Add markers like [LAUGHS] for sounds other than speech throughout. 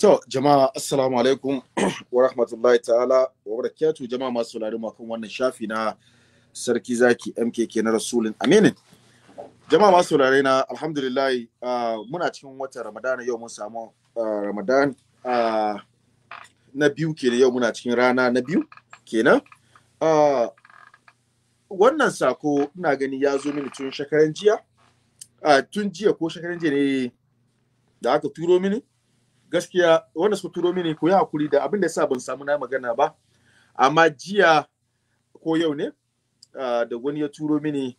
To jama'a assalamu alaikum [CLEARS THROAT] wa rahmatullahi ta'ala wa barakatuh jama'a masu saurari kan wannan shafi na sarki zaki MKK na Rasulun Aminin. Jama'a masu saurari na alhamdulillah ah, muna cikin watan Ramadana yau mun samu ah, Ramadan ah, na biyu kenan yau muna cikin rana na biyu kenan. wannan sako ina gani ya zo mini tun shekaran jiya tun jiya ko shekaran jiya ne da aka turo mini gaskiya wanda suka turo mini ku yi hakuri da abin da ya sa ban samu na magana ba amma jiya ko yau ne da wani ya turo mini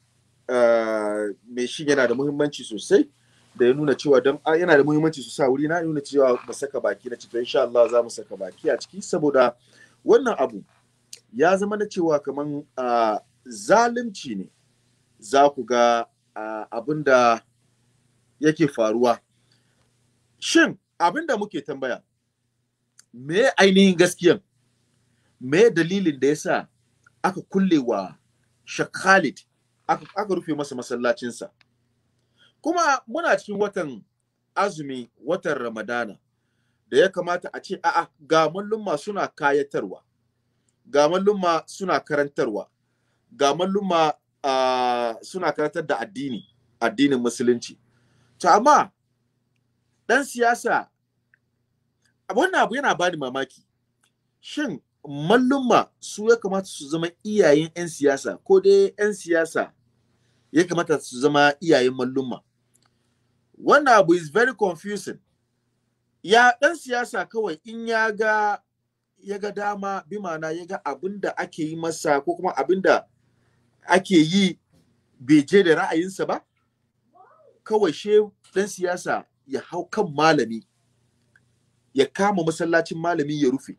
mai shi yana da muhimmanci sosai da ya nuna cewa don yana da muhimmanci sosai wuri na nuna cewa ba saka baki na cikin insha Allah za mu saka baki a ciki saboda wannan abu ya zama na cewa kaman zalunci ne za ku ga abin da yake faruwa shin abin da muke tambaya me ainihin gaskiyan me dalilin da yasa aka kulle wa Shakalit aka, rufe masa masallacinsa kuma muna cikin watan azumi watan Ramadana da ya kamata a ce a'a ga mallumma suna kayatarwa ga mallumma suna karantarwa ga mallumma suna karantar da addini addinin musulunci to amma dan siyasa wannan abu yana bani mamaki shin mallumma su ya kamata su zama iyayen 'yan siyasa ko dai 'yan siyasa ya kamata su zama iyayen mallumma wannan abu is very confusing ya ɗan siyasa kawai in ya ga ya ga dama bi mana ya ga abin da ake yi masa ko kuma abin da ake yi bai je da ra'ayinsa ba kawai she ɗan siyasa ya hau kan malami ya kama masallacin malami ya rufe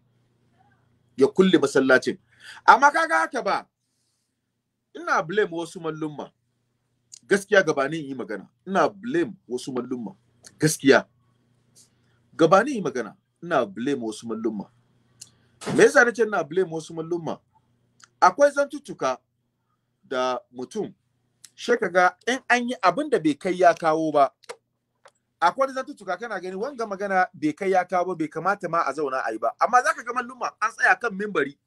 ya kulle masallacin amma kaga haka ba ina blame wasu mallumma gaskiya gabanin yi magana ina blame wasu mallumma gaskiya gabanin yi magana ina blame wasu mallumma me yasa nace ina blame wasu mallumma akwai zantuttuka da mutum sai kaga in an yi abin da bai kai ya kawo ba akwai da zata tuka kana gani wanga magana bai kai ya kawo ba bai kamata ma a zauna a yi ba amma zaka ga malluma an tsaya kan mimbari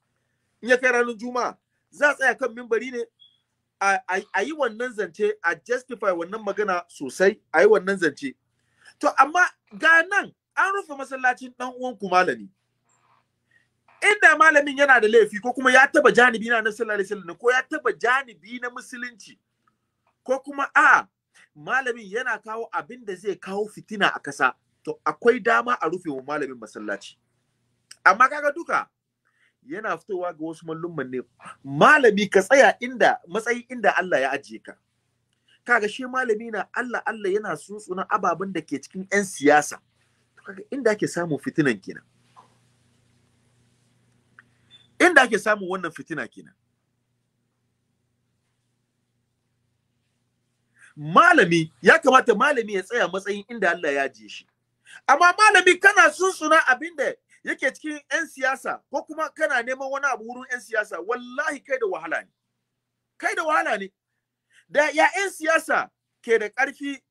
in ya kai ranar juma'a za a tsaya kan mimbari ne a yi wannan zance a justify wannan magana sosai a yi wannan zance to amma ga nan an rufe masallacin dan uwan ku malami inda malamin yana da laifi ko kuma ya taba janibi na sallallahu alaihi wasallam ko ya taba janibi na musulunci ko kuma a'a. malamin yana kawo abin da zai kawo fitina a kasa to akwai dama a rufe wa malamin masallaci amma kaga duka yana fitowa ga wasu mallumman ne malami ka tsaya inda matsayi inda Allah ya ajiye ka kaga shi malami na Allah Allah yana tsuntsuna ababen da ke cikin 'yan siyasa kaga inda ake samun fitinan kenan inda ake samun wannan fitina kenan malami ya kamata malami ya tsaya matsayin inda Allah ya je shi amma malami kana sunsuna da yake cikin 'yan siyasa ko kuma kana neman wani abu wurin 'yan siyasa wallahi kai da wahala ne kai da wahala ne da ya 'yan siyasa ke da ƙarfi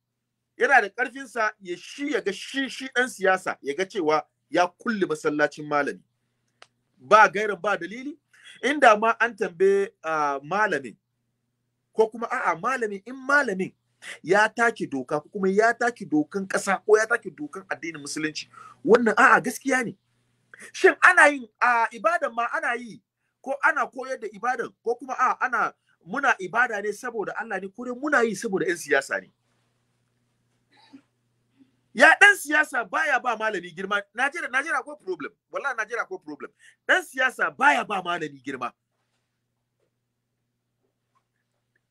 yana da ƙarfinsa ya shi ya ga shi shi ɗan siyasa ya ga cewa ya kulle masallacin malami ba gairan ba dalili inda ma an tambaye ah, malamin ko kuma a'a malamin in malamin ya take doka ko kuma ya take dokan ƙasa ko ya take dokan addinin musulunci wannan a'a gaskiya ne shin ana yin a ibadan ma ana yi ko ana koyar da ibadan ko kuma a ana muna ibada ne saboda Allah ne ko dai muna yi saboda 'yan siyasa ne ya dan siyasa baya ba malami girma Najeriya Najeriya ko problem wallahi Najeriya ko problem dan siyasa baya ba malami girma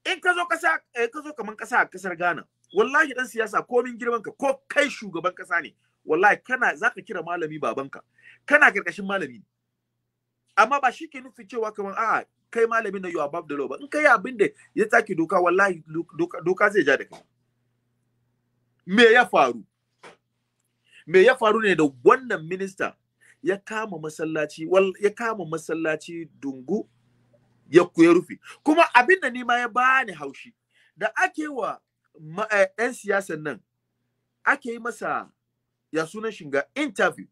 in ka zo kasa eh, ka zo kaman kasa a kasar Ghana wallahi dan siyasa komin girman ka ko kai shugaban kasa ne wallahi kana zaka kira malami babanka kana karkashin malami amma ba shi ke nufi cewa kaman a'a kai malamin na you above the law ba in kai abin da ya take doka wallahi doka, zai ja da kai me ya faru me ya faru ne da wannan minista ya kama masallaci ya kama masallaci dungu ya ku ya rufe kuma abin da nima ya bani haushi da ake wa ɗan eh, siyasan nan ake yi masa ya sunan shiga interview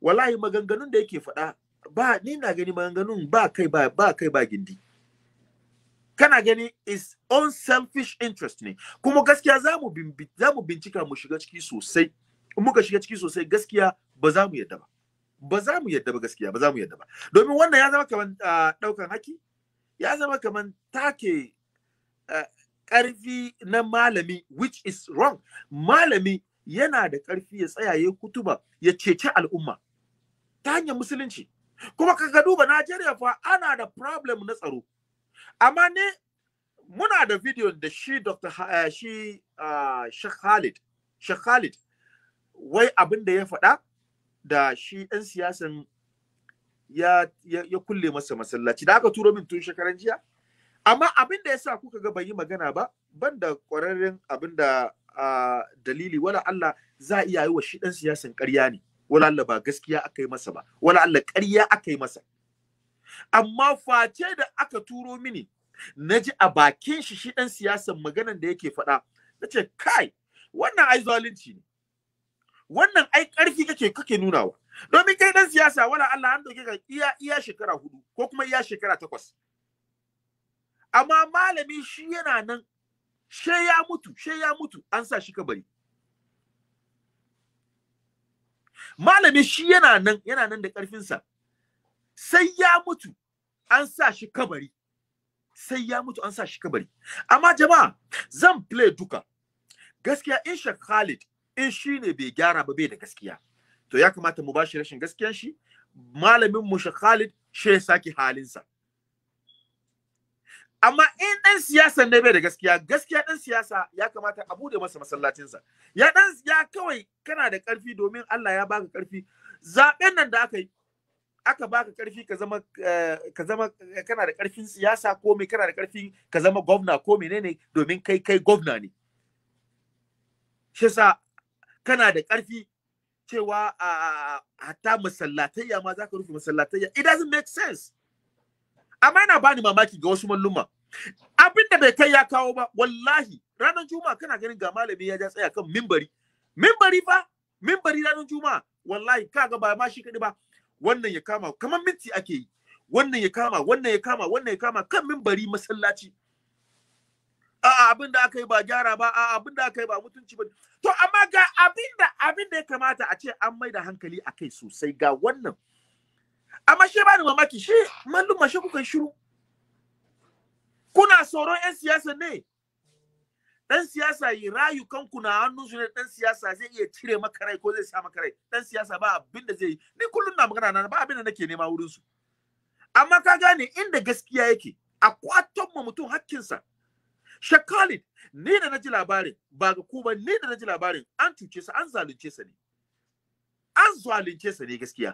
wallahi maganganun da yake faɗa ba ni na gani maganganun ba kai ba ba kai ba gindi kana gani is selfish interest ne kuma gaskiya za mu za mu bincika mu shiga ciki sosai muka shiga ciki sosai gaskiya ba za mu yadda ba ba za mu yadda ba gaskiya ba za mu yadda ba domin wannan ya zama kamar daukan ah, haki ya zama kamar take eh, ƙarfi na malami which is wrong malami yana da ƙarfi ya tsaya ya kutuba ya cece al'umma ta hanyar musulunci kuma ka duba Najeriya fa ana da problem na tsaro amma ne muna da video da shi Dr. Ha, eh, shi ah, Sheikh Khalid wai abin da ya faɗa da shi ɗan siyasan ya, ya, kulle masa masallaci da aka turo min tun shekaran jiya amma abin da ya sa kuka ga ban yi magana ba ban da ƙwararren abin da dalili wala Allah za iya yi wa shi ɗan siyasan ƙarya ne wala Allah ba gaskiya aka yi masa ba wala Allah ƙarya aka yi masa amma face da aka turo mini na ji a bakin shi shi ɗan siyasan maganan da yake faɗa na ce kai wannan ai zalunci ne wannan ai ƙarfi kake kake nunawa domin kai dan siyasa wala Allah an dauke ka iya iya shekara hudu ko kuma iya shekara takwas amma malami shi yana nan she ya mutu she ya mutu an sa shi kabari malami shi yana nan yana nan da sa sai ya mutu an sa shi kabari sai ya mutu an sa shi kabari amma jama'a zan play duka gaskiya in Sheikh Khalid in shine bai gyara ba bai da gaskiya to ya kamata mu bashi rashin gaskiya shi malamin mu Khalid shi ya sake halinsa amma in dan siyasa ne bai da gaskiya gaskiya dan siyasa ya kamata a bude masa masallacinsa ya dan ya kawai kana da karfi domin Allah ya baka karfi zaben nan da aka yi aka baka karfi ka zama eh, ka zama eh, kana da karfin siyasa ko me kana da karfi ka zama gwamna ko menene domin kai kai gwamna ne shi kana da karfi cewa a hatta masallatayya ma za ka rufe masallatayya it doesn't make sense amma yana bani mamaki ga wasu malluma abin da bai kai ya kawo ba wallahi ranar juma'a kana ganin ga malami ya ja tsaya kan mimbari mimbari fa mimbari ranar juma'a wallahi kaga ba ma shi kadi ba wannan ya kama kamar minti ake yi wannan ya kama wannan ya kama wannan ya kama kan mimbari masallaci A'a abin aka yi ba gyara ba a abin aka yi ba mutunci ba to amma ga abin da ya kamata a ce an mai da hankali a kai sosai ga wannan amma shi ba ni mamaki shi mallum mashi kuka shiru kuna tsoron 'yan siyasa ne dan siyasa yi rayukan ku na hannun su ne dan siyasa zai iya cire maka rai ko zai sa maka rai dan siyasa ba abin zai yi ni kullun na magana na ba abin nake nema wurin su amma ka gane inda gaskiya yake a kwaton mutum hakkinsa Shekalit, ni da na ji labarin, ba ga ku ba, ni da na ji labarin, an cuce sa, an zalunce sa ne. An zalunce sa ne gaskiya.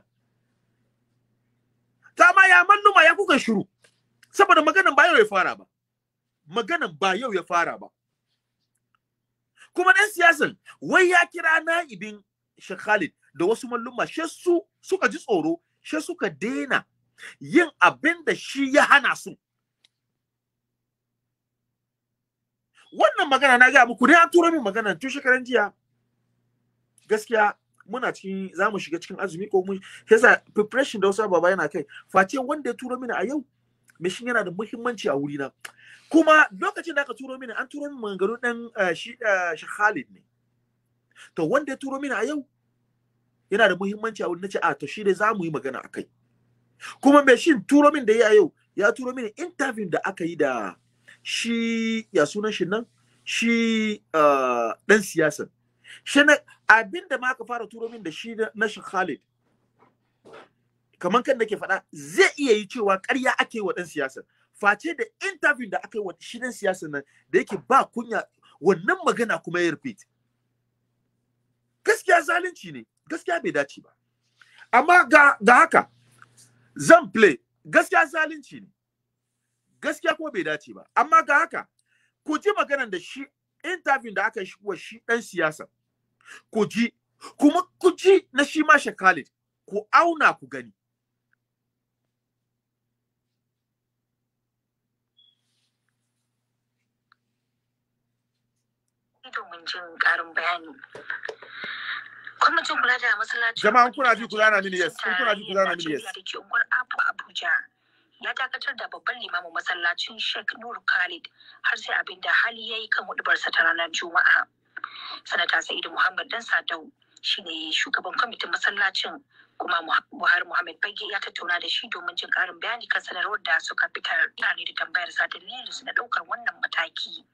Ta ma ya malluma ya kuka shiru, saboda maganan ba yau ya fara ba. Maganan ba yau ya fara ba. Kuma ɗan siyasan, wai ya kira na'ibin Shekalit da wasu malluma, she su suka ji tsoro, she suka daina yin abin da shi ya hana su. wannan magana na ga muku da an tura min magana tun shekaran jiya gaskiya muna cikin za mu shiga cikin azumi ko mu yasa preparation da wasu baba yana kai face wanda ya turo mini a yau mishin yana da muhimmanci a wurina kuma lokacin da aka turo mini an turo mini maganganu dan eh, shi eh, Khalid ne to wanda ya turo mini a yau yana da muhimmanci a wuri nace a to shi dai za mu yi magana akai kuma mai shin turo min da yi a yau ya turo mini interview da aka yi da shi ya sunan shi nan shi dan ah, siyasan shi na abin ma ka fara turo min da shi na shi Khalid kamar kan nake faɗa zai iya yi cewa ƙarya ake wa dan siyasan face da interview da aka yi wa shi dan siyasan nan da yake ba kunya wannan magana kuma ya repeat gaskiya zalunci ne gaskiya bai dace ba amma ga haka zan play gaskiya zalunci ne gaskiya kuma bai dace ba amma ga haka ku ji maganar da shi interview da aka wa shi dan siyasa ku ji kuma ku ji na shi ma Khalid ku auna ku gani domin jin kula da mini jama'an kuna ji kula na mini yes kuna ji kula na mini yes ya dakatar da babban limamin masallacin Sheikh Nur Khalid har sai abin da hali ya yi kan hudubarsa ta ranar Juma'a. Sanata Sa'idu Muhammad Dan Sadau shine shugaban kwamitin masallacin kuma Buhari Muhammad Bage ya tattauna da shi domin jin karin bayani kan sanarwar da suka fitar ne da tambayar sa dalilinsu na ɗaukar wannan mataki.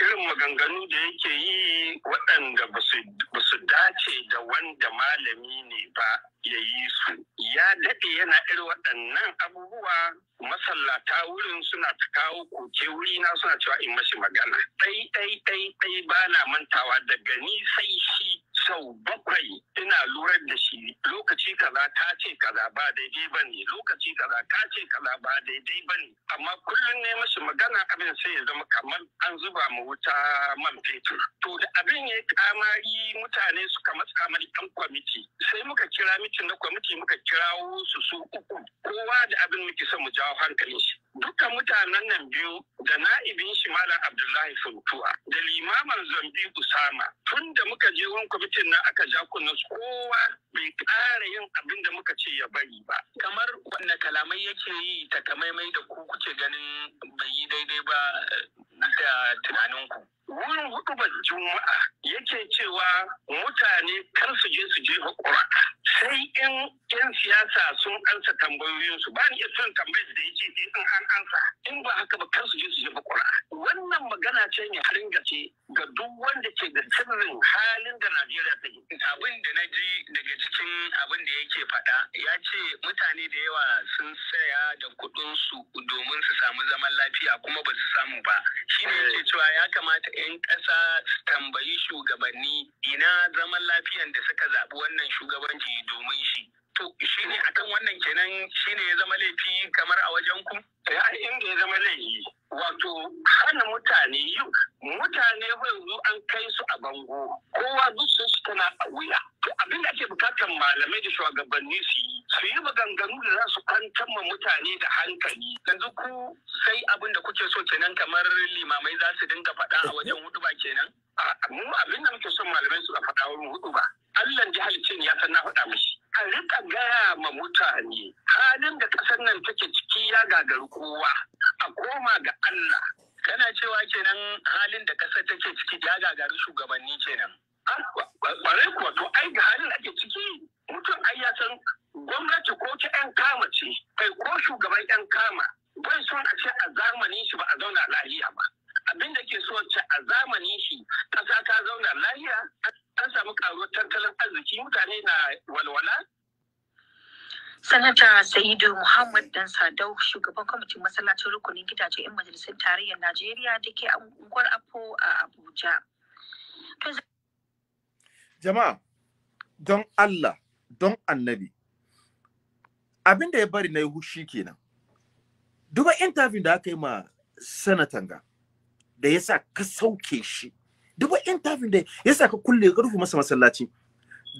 irin maganganu da yake yi waɗanda ba su dace da wanda malami ne ba ya yi su ya daɗe yana iri waɗannan abubuwa masallata wurin suna ta kawo koke wuri na suna cewa in mashi magana ɗai ɗai ɗai ɗai ba na mantawa daga ni sai shi sau bakwai ina lurar da shi lokaci kaza ta ce kaza ba daidai ba ne lokaci kaza ta ce kaza ba daidai ba ne amma kullum ne mashi magana abin sai ya zama kamar an zuba mu wuta man fetur to da abin ya yi kamari mutane suka matsa mani dan kwamiti sai muka kira mitin na kwamiti muka kirawo su su uku kowa da abin muke son mu jawo hankalin shi dukkan mutanen nan biyu da na'ibin shi malam abdullahi funtuwa da limaman zambi usama tun da muka je wani kwamitin nan aka ja kunna su kowa bai ƙara yin abin da muka ce ya bari ba kamar wanne kalamai yake yi takamaimai da ku kuke ganin bai yi daidai ba da tunaninku wurin ba juma'a yake cewa mutane kar su je su je hukura sai in yan siyasa sun ansa tambayoyinsu ba ni son tambayar da yake ce in an ansa in ba haka ba kar su je su je hukura wannan magana ce ne harin gace ga duk wanda ke da sirrin halin da Najeriya ta yi abin da na ji daga cikin abin da yake faɗa ya ce mutane da yawa sun saya da kuɗin su domin su samu zaman lafiya kuma ba su samu ba shine yake eh. cewa ya kamata 'yan ƙasa su tambayi shugabanni ina zaman lafiyan da suka zaɓi wannan shugabanci domin shi. To shi ne a kan wannan kenan shi ne ya zama laifi kamar a wajen ku? Ya eh, inda ya zama laifi. Wato hana mutane yi mutane bai zo an kai su a bango kowa duk sun tana a wuya. Ko abin da ake bukatar malamai da shugabanni su yi su yi maganganu da za su kwantar ma mutane da hankali yanzu ku sai abin da kuke so kenan kamar limamai za su dinga faɗa a wajen hudu ba kenan mu abin da muke son malamai su faɗa wurin hudu ba Allah jihar halicce ya san na faɗa mishi a rika gaya ma mutane halin da ƙasar nan take ciki ya gagaru kowa a koma ga Allah kana cewa kenan halin da ƙasar take ciki ya gagaru shugabanni kenan ƙwarai kuwa to ai ga halin da ake ciki mutum ai ya san gwamnati ko ta yan kama ce kai ko shugaban yan kama bai son a ce a zamanin shi ba a zauna lahiya ba abinda da ke so ce a zamanin shi ƙasa ta zauna lahiya an samu karuwar tattalin arziki mutane na walwala Sanata Sa'idu Muhammad Dan Sadau, shugaban kwamitin masallacin rukunin gidajen 'yan majalisar tarayyar Najeriya da ke unguwar Apo a Abuja. Jama'a, don Allah, don annabi abin da ya bari na yi hushi kenan duba interview da aka yi ma sanatan ga da yasa ka sauke shi duba interview da yasa ka kulle ka rufe masa masallaci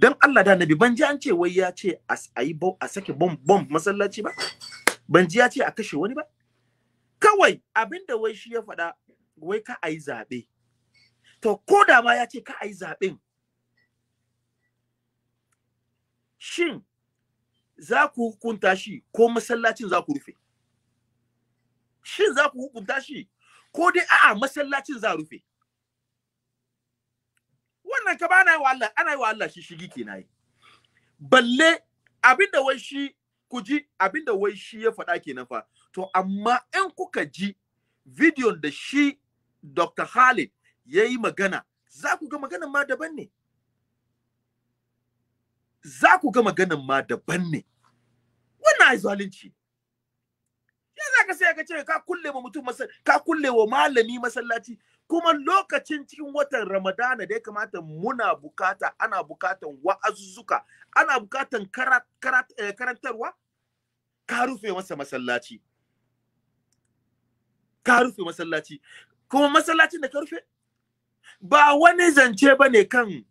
dan Allah da annabi ban ji an ce wai ya ce a yi a sake bom bom masallaci ba ban ji ya ce a kashe wani ba kawai abin da wai shi ya faɗa wai ka a yi zaɓe to ko da ma ya ce ka a yi zaɓen shin za ku hukunta shi ko masallacin za ku rufe shin za ku hukunta shi ko dai a'a masallacin za rufe wannan ka bana wa Allah ana yi wa Allah shi shigi ke yi. balle abinda wai shi ku ji abinda wai shi ya faɗa kenan fa to amma in kuka ji bidiyon da shi Dr. Khalid ya yi magana za ku ga maganan ma daban ne za ku ga maganin ma daban ne wannan ai zalunci ya za ka sai ka ce ka kulle wa mutum ka kulle wa malami masallaci kuma lokacin cikin watan ramadana da ya kamata muna bukata ana bukatan wa'azuzzuka ana bukatan eh, karantarwa ka rufe masa masallaci ka rufe masallaci kuma masallacin da ka rufe ba wani zance ba ne kan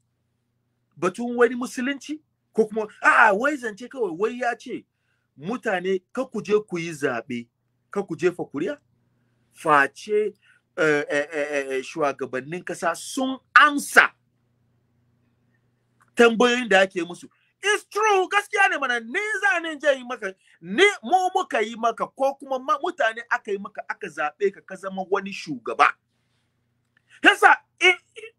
batun wani musulunci ko kuma a'a wai zance kawai wai ya ce mutane ka ku je ku yi zaɓe ka ku jefa kuriya face eh, eh, eh, shugabannin ƙasa sun amsa tambayoyin da ake musu it's true gaskiya ne mana ni za ni je yi maka ni mu muka yi maka ko kuma mutane aka yi maka aka zaɓe ka ka zama wani shugaba yasa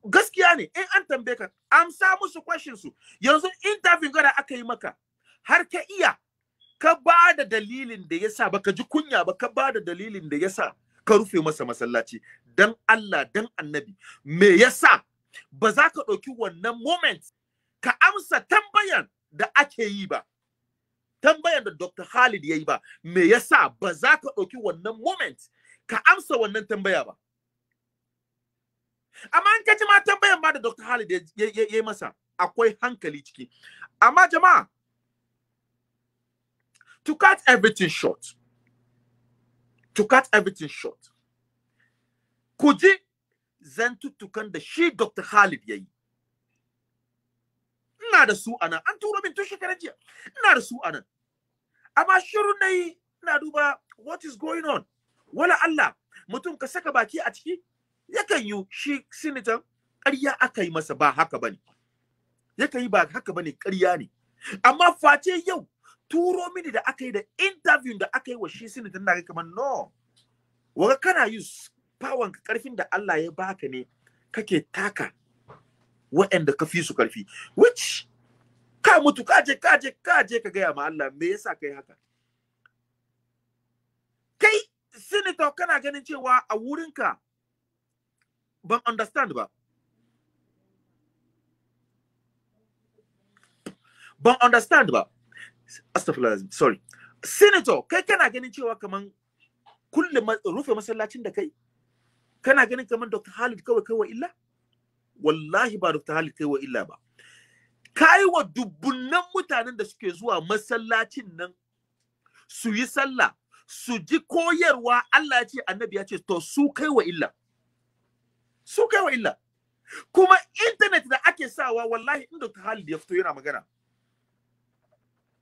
gaskiya ne in an tambaye ka amsa musu question su yanzu interview gara aka yi maka har ka iya ka ba da dalilin da yasa baka ji kunya ba ka ba da dalilin da yasa ka rufe masa masallaci dan Allah dan annabi me yasa ba za ka ɗauki wannan moment ka amsa tambayan da ake yi ba tambayan da Dr. Khalid ya yi ba me yasa ba za ka ɗauki wannan moment ka amsa wannan tambaya ba amma an kaji ma tambayan ma da Dr. Halid ya yi masa akwai hankali ciki amma jama'a to cut everything short to cut everything short ku ji zantuttukan da shi Dr. Khalid ya yi. Ina da su anan, an turo min tun shekarar jiya, ina da su anan. Amma shiru na yi, ina duba what is going on, wala Allah, mutum ka saka baki a ciki, yakan yi shi sinitan ƙarya aka yi masa ba haka bane yakan yi ba haka bane ƙarya ne amma face yau turo mini da aka yi da interview da aka yi wa shi sinitan na kamar no waga kana use power ka karfin da Allah ya baka ne kake taka waɗanda ka fi su karfi which ka mutu ka je ka je ka je ka gaya ma Allah me yasa kai haka kai sinito kana ganin cewa a wurinka ban understand ba ban understand ba astaghfirullah sorry senator kai kana ganin cewa kaman kullum rufe masallacin da kai kana ganin kaman dr halid kawai kai wa illa wallahi ba dr halid kai wa illa ba kai wa dubbunan mutanen da suke zuwa masallacin nan su yi sallah su ji koyarwa Allah ya ce annabi ya ce to su kai wa illa su yi wa illa kuma internet da ake sawa wallahi in Dr. Halid ya fito yana magana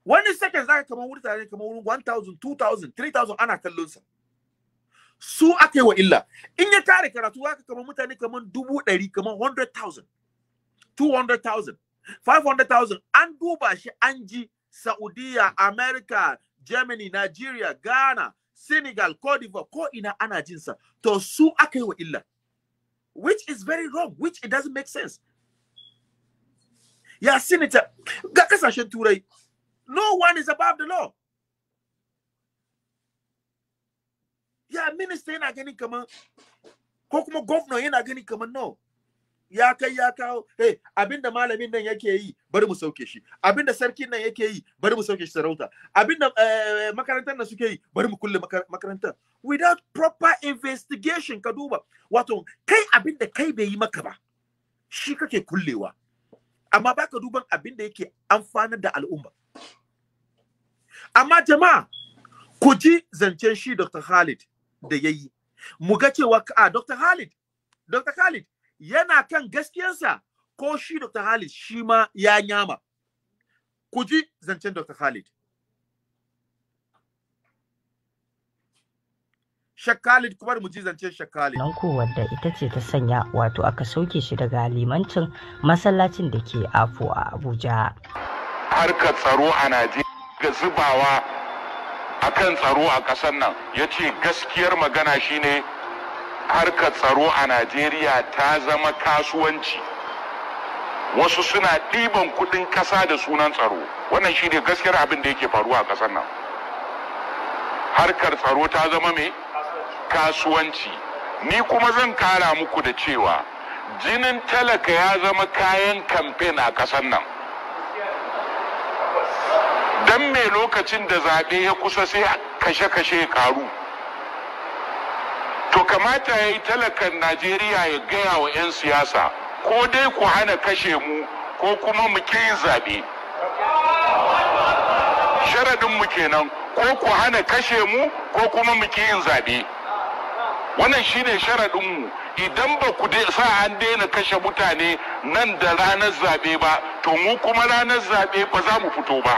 wani second zaka kamar wurin tare kamar wurin 1000 2000 3000 ana kallon sa su ake wa illa in ya tare karatu zaka kamar mutane kamar dubu ɗari kamar 100,000 200,000 500,000 an duba shi an ji Saudiya, America, Germany, Nigeria, Ghana, Senegal, Cote d'Ivoire ko ina ana jinsa to su aka yi wa illa which is very wrong, which it doesn't make sense. Yeah, senator, uh, no one is above the law. Yeah, minister, yana gani kaman, ko come governor yana gani no. ya kai ya kawo hey, abinda malamin nan yake yi bari mu sauke shi abinda sarkin nan yake yi bari mu sauke shi sarauta abinda eh, makarantar nan suke yi bari mu kulle makarantar without proper investigation ka duba wato kai abinda kai bai yi maka ba shi kake kullewa amma baka duban abinda yake amfanar da al'umma amma jama'a ku ji zancen shi Dr. Khalid da yayi mu ga cewa ah, a Dr. Khalid Dr. Khalid yana kan gaskiyansa ko shi Dr. Khalid shi ma ya nyama. Ku ji zancen Dr. Khalid. Shakalid kuma mu ji zancen Shakalid. Nan ko wadda ita ce ta sanya wato aka sauke shi daga limancin masallacin da ke Afo a Abuja. Harkar tsaro a Najeriya zubawa akan tsaro a ƙasar nan ya ce gaskiyar magana shine harkar tsaro a najeriya ta zama kasuwanci wasu suna ɗiban kuɗin ƙasa da sunan tsaro wannan shi ne gaskiyar abin da yake faruwa a ƙasar nan harkar tsaro ta zama mai kasuwanci ni kuma zan kara muku da cewa jinin talaka ya zama kayan kamfen a ƙasar nan don me lokacin da zaɓe ya kusa sai kashe-kashe karu to kamata ya yi talakan najeriya ya gaya wa 'yan siyasa ko dai ku hana kashe mu ko kuma mu yin zaɓe sharadinmu kenan ko ku hana kashe mu ko kuma mu yin zaɓe wannan shine sharaɗinmu idan ba ku sa an daina kashe mutane nan da ranar zaɓe ba to mu kuma ranar zaɓe ba za mu fito ba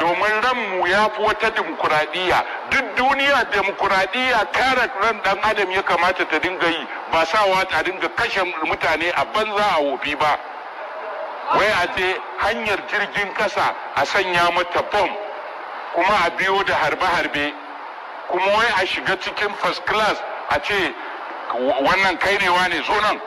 domin ranmu ya fi wata dimokuraɗiyya duk duniya dimokuraɗiyya kare ran ɗan adam ya kamata ta dinga yi ba sawa ta dinga kashe mutane a banza a wofi ba wai a ce hanyar jirgin kasa a sanya mata bom kuma a biyo da harbe-harbe kuma wai a shiga cikin first class a ce wannan kairewa ne zo nan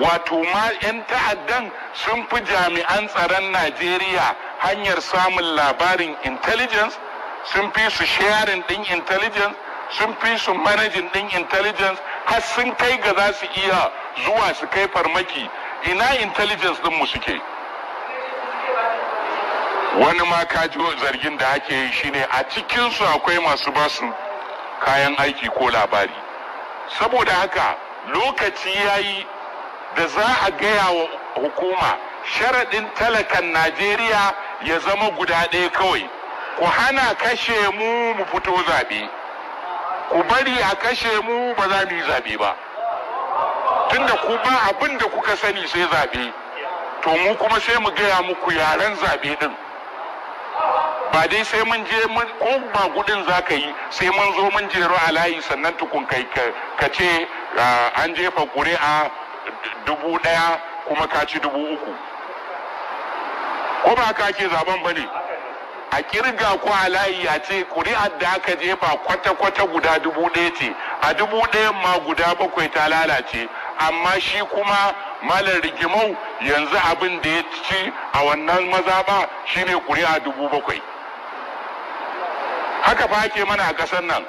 wato ma 'yan ta'addan sun fi jami'an tsaron najeriya hanyar samun labarin intelligence sun fi su sharing din intelligence sun fi su managing din intelligence har sun kai ga za su iya zuwa su kai farmaki ina intelligence din mu suke wani ma kaji zargin da ake yi shine a cikinsu akwai masu basu kayan aiki ko labari saboda haka lokaci ya yi da za a gaya wa hukuma sharaɗin talakan najeriya ya zama guda ɗaya kawai ku hana kashe mu mu fito zaɓe ku bari a kashe mu ba za mu yi zaɓe ba tunda ku ba abin da kuka sani sai zaɓe to mu kuma sai mu gaya muku yaren zaɓe ɗin ba dai sai mun je ko ba gudun za ka yi sai mun zo mun jero a layi sannan tukun kai ka ce ah, an jefa ƙuri'a dubu ɗaya kuma ka ci dubu uku ko ba ka ke zaben ba ne a kirga ko a layi a ce kuri'ar da aka jefa kwata-kwata guda dubu ɗaya ce a dubu ɗaya ma guda bakwai ta lalace amma shi kuma malar rigimau yanzu abin da ya ci a wannan maza shi shine ƙuri'a dubu bakwai haka fa ke mana a ƙasar nan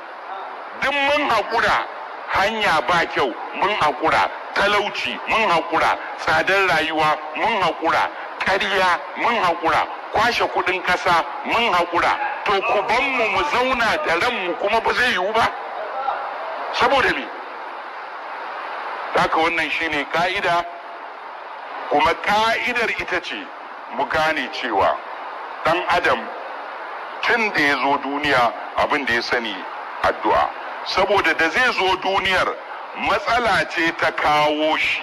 duk mun haƙura hanya ba kyau mun haƙura talauci mun haƙura tsadar rayuwa mun haƙura ƙarya mun haƙura kwashe kuɗin ƙasa mun haƙura to ku banmu mu zauna da ranmu kuma ba zai yiwu ba saboda me haka wannan shine ka'ida kuma ka'idar ita ce mu gane cewa ɗan adam tun da ya zo duniya abin da ya sani addu'a saboda da zai zo duniyar matsala ce ta kawo shi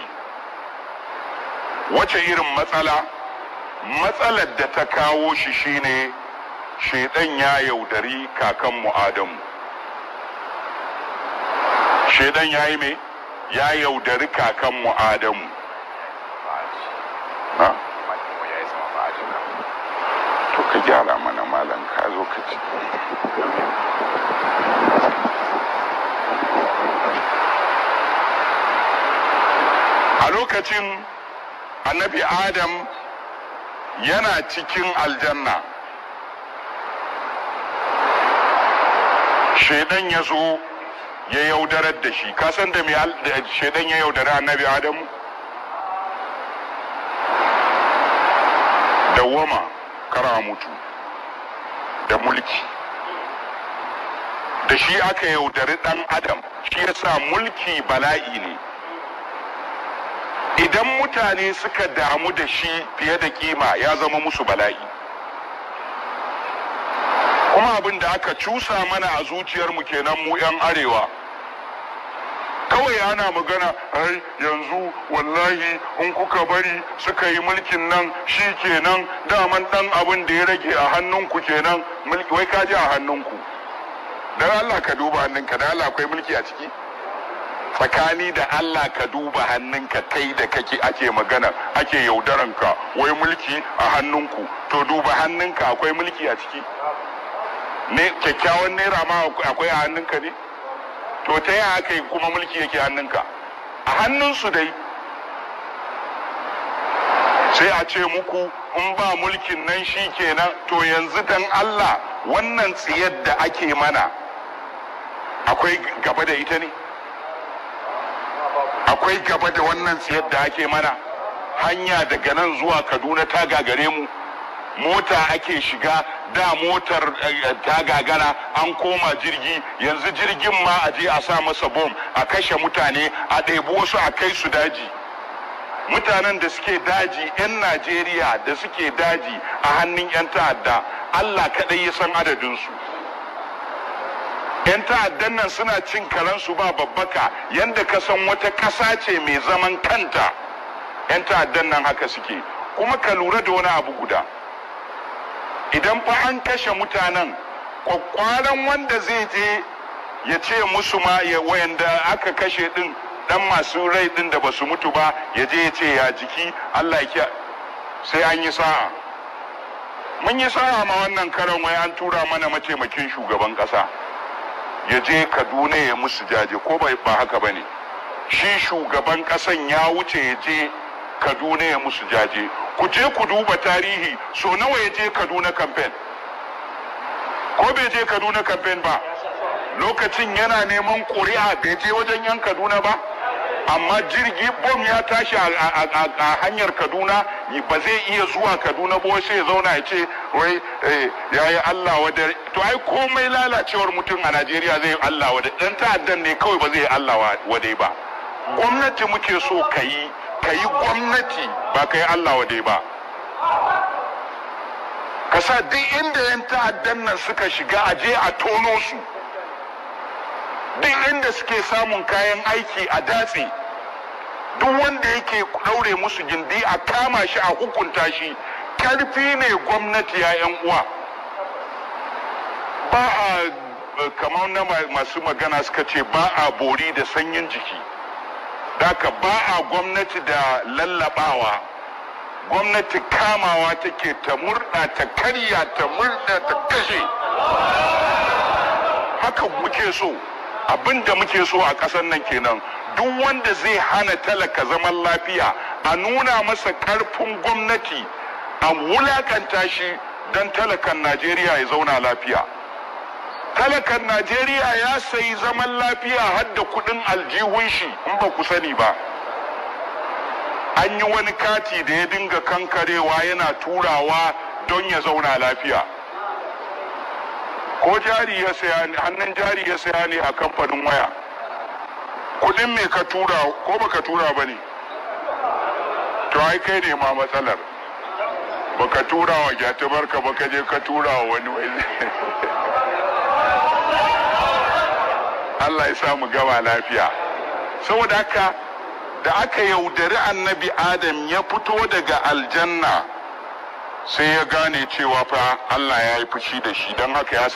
wace irin matsala matsalar da ta kawo shi shine shaidan ya yaudari kakanmu adamu shaidan ya yi mai ya yaudari kakanmu adamu na? to ka gyara mana malam ka zo ka ci lokacin annabi adam yana cikin aljanna shaidan ya zo ya yaudarar da shi kasan da shaidan ya yaudara annabi da dawwama kara mutu da mulki da shi aka yaudari dan adam shi yasa mulki bala'i ne idan mutane suka damu da shi fiye da kima ya zama musu bala'i kuma abin da aka cusa mana a zuciyarmu kenan mu 'yan arewa kawai ana magana ai yanzu wallahi in kuka bari suka yi mulkin nan shi kenan daman dan abin da ya rage a hannunku kenan wai kaji a hannunku don allah ka duba hannunka da allah akwai mulki a ciki tsakani da Allah ka duba hannunka kai da kake ake magana ake yaudaranka wai mulki a hannunku to duba hannunka akwai mulki a ciki ne kyakkyawan naira ma akwai a hannunka ne to ta yi aka yi kuma mulki yake hannunka a hannunsu dai sai a ce muku in ba mulkin nan shi kenan to yanzu dan Allah wannan tsiyar da ake mana akwai gaba da ita ne akwai gaba da wannan siyar da ake mana hanya daga nan zuwa kaduna ta gagare mu mota ake shiga da motar eh, ta gagara an koma jirgi yanzu jirgin ma a je a sa masa bom a kashe mutane a ɗebi wasu a kai su daji mutanen da suke daji 'yan najeriya da suke daji a hannun 'yan ta'adda allah kaɗai ya san adadinsu yan ta'addan nan suna cin karansu ba babbaka yadda ka san wata kasa ce mai zaman kanta yan ta'addan nan haka suke kuma ka lura da wani abu guda idan fa an kashe mutanen kwakwaran wanda zai je ya ce musu ma ya wayanda aka kashe din dan masu rai din da basu mutu ba ya je ya ce ya jiki Allah ya sai an yi sa'a mun yi sa'a ma wannan karan wai an tura mana mataimakin shugaban kasa ya je kaduna ya musu jaje ko ba haka ba ne shi shugaban ƙasan ya wuce ya je kaduna ya musu jaje ku je ku duba tarihi so nawa ya je kaduna campaign ko bai je kaduna campaign ba lokacin yana neman ƙuri'a bai je wajen yan kaduna ba amma jirgi bom ya tashi a hanyar kaduna ba zai iya zuwa kaduna ba sai ya zauna ya ce wai eh, ya yi allah wadda to ai komai lalacewar mutum a najeriya zai yi allah wadda dan ta'addan ne kawai ba zai yi allah wadai ba gwamnati muke so ka yi ka yi gwamnati ba ka yi allah wadai ba ka sa duk inda yan ta'addan nan suka shiga a je a tono su duk inda suke samun kayan aiki a datse duk wanda yake ɗaure musu gindi a kama shi a hukunta shi ƙarfi ne gwamnati ya yan uwa ba a eh, kamar na masu magana suka ce ba a bori da sanyin jiki daka ba a gwamnati da lallabawa gwamnati kamawa take ta murda ta karya ta murda ta kashe haka muke so abinda muke so a ƙasar nan kenan duk wanda zai hana talaka zaman lafiya a nuna masa karfin gwamnati a wulakanta shi don talakan najeriya ya zauna lafiya talakan najeriya ya sayi zaman lafiya har da kudin aljihun shi in ba ku sani ba an yi wani kati da ya dinga kankarewa yana turawa don ya zauna lafiya ko jari ya saya ne hannun jari ya saya ne a kamfanin waya kudin me ka tura ko baka tura ba ne to ai kai ne ma matsalar baka tura wa gyatubar ka baka je ka tura wa wani wani [LAUGHS] Allah ya samu gama lafiya saboda haka da aka yaudari annabi adam ya fito daga aljanna sai ya gane cewa fa Allah ya yi fushi da shi don haka ya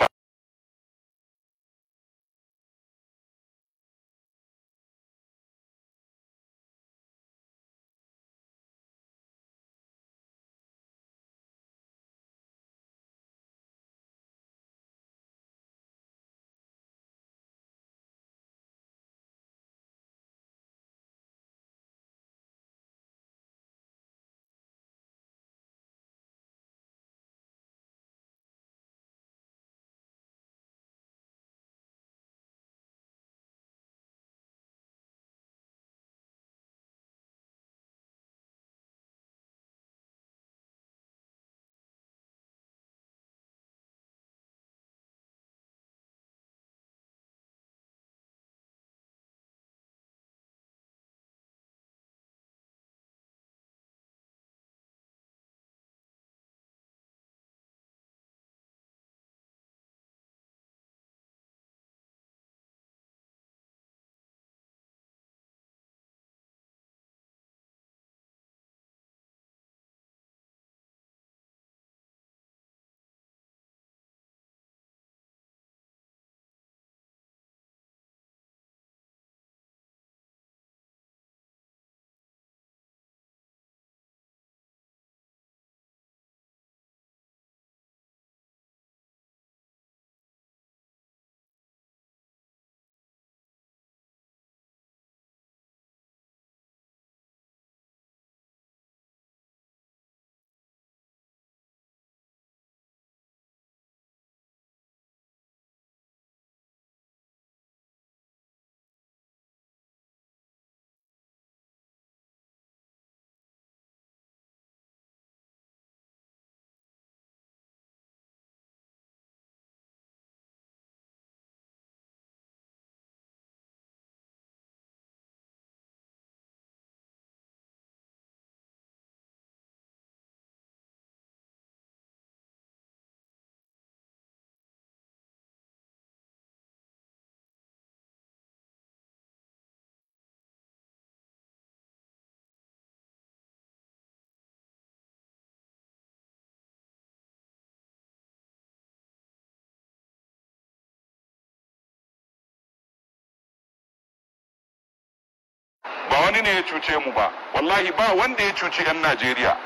ba wani ne ya cuce mu ba wallahi ba wanda ya cuci 'yan najeriya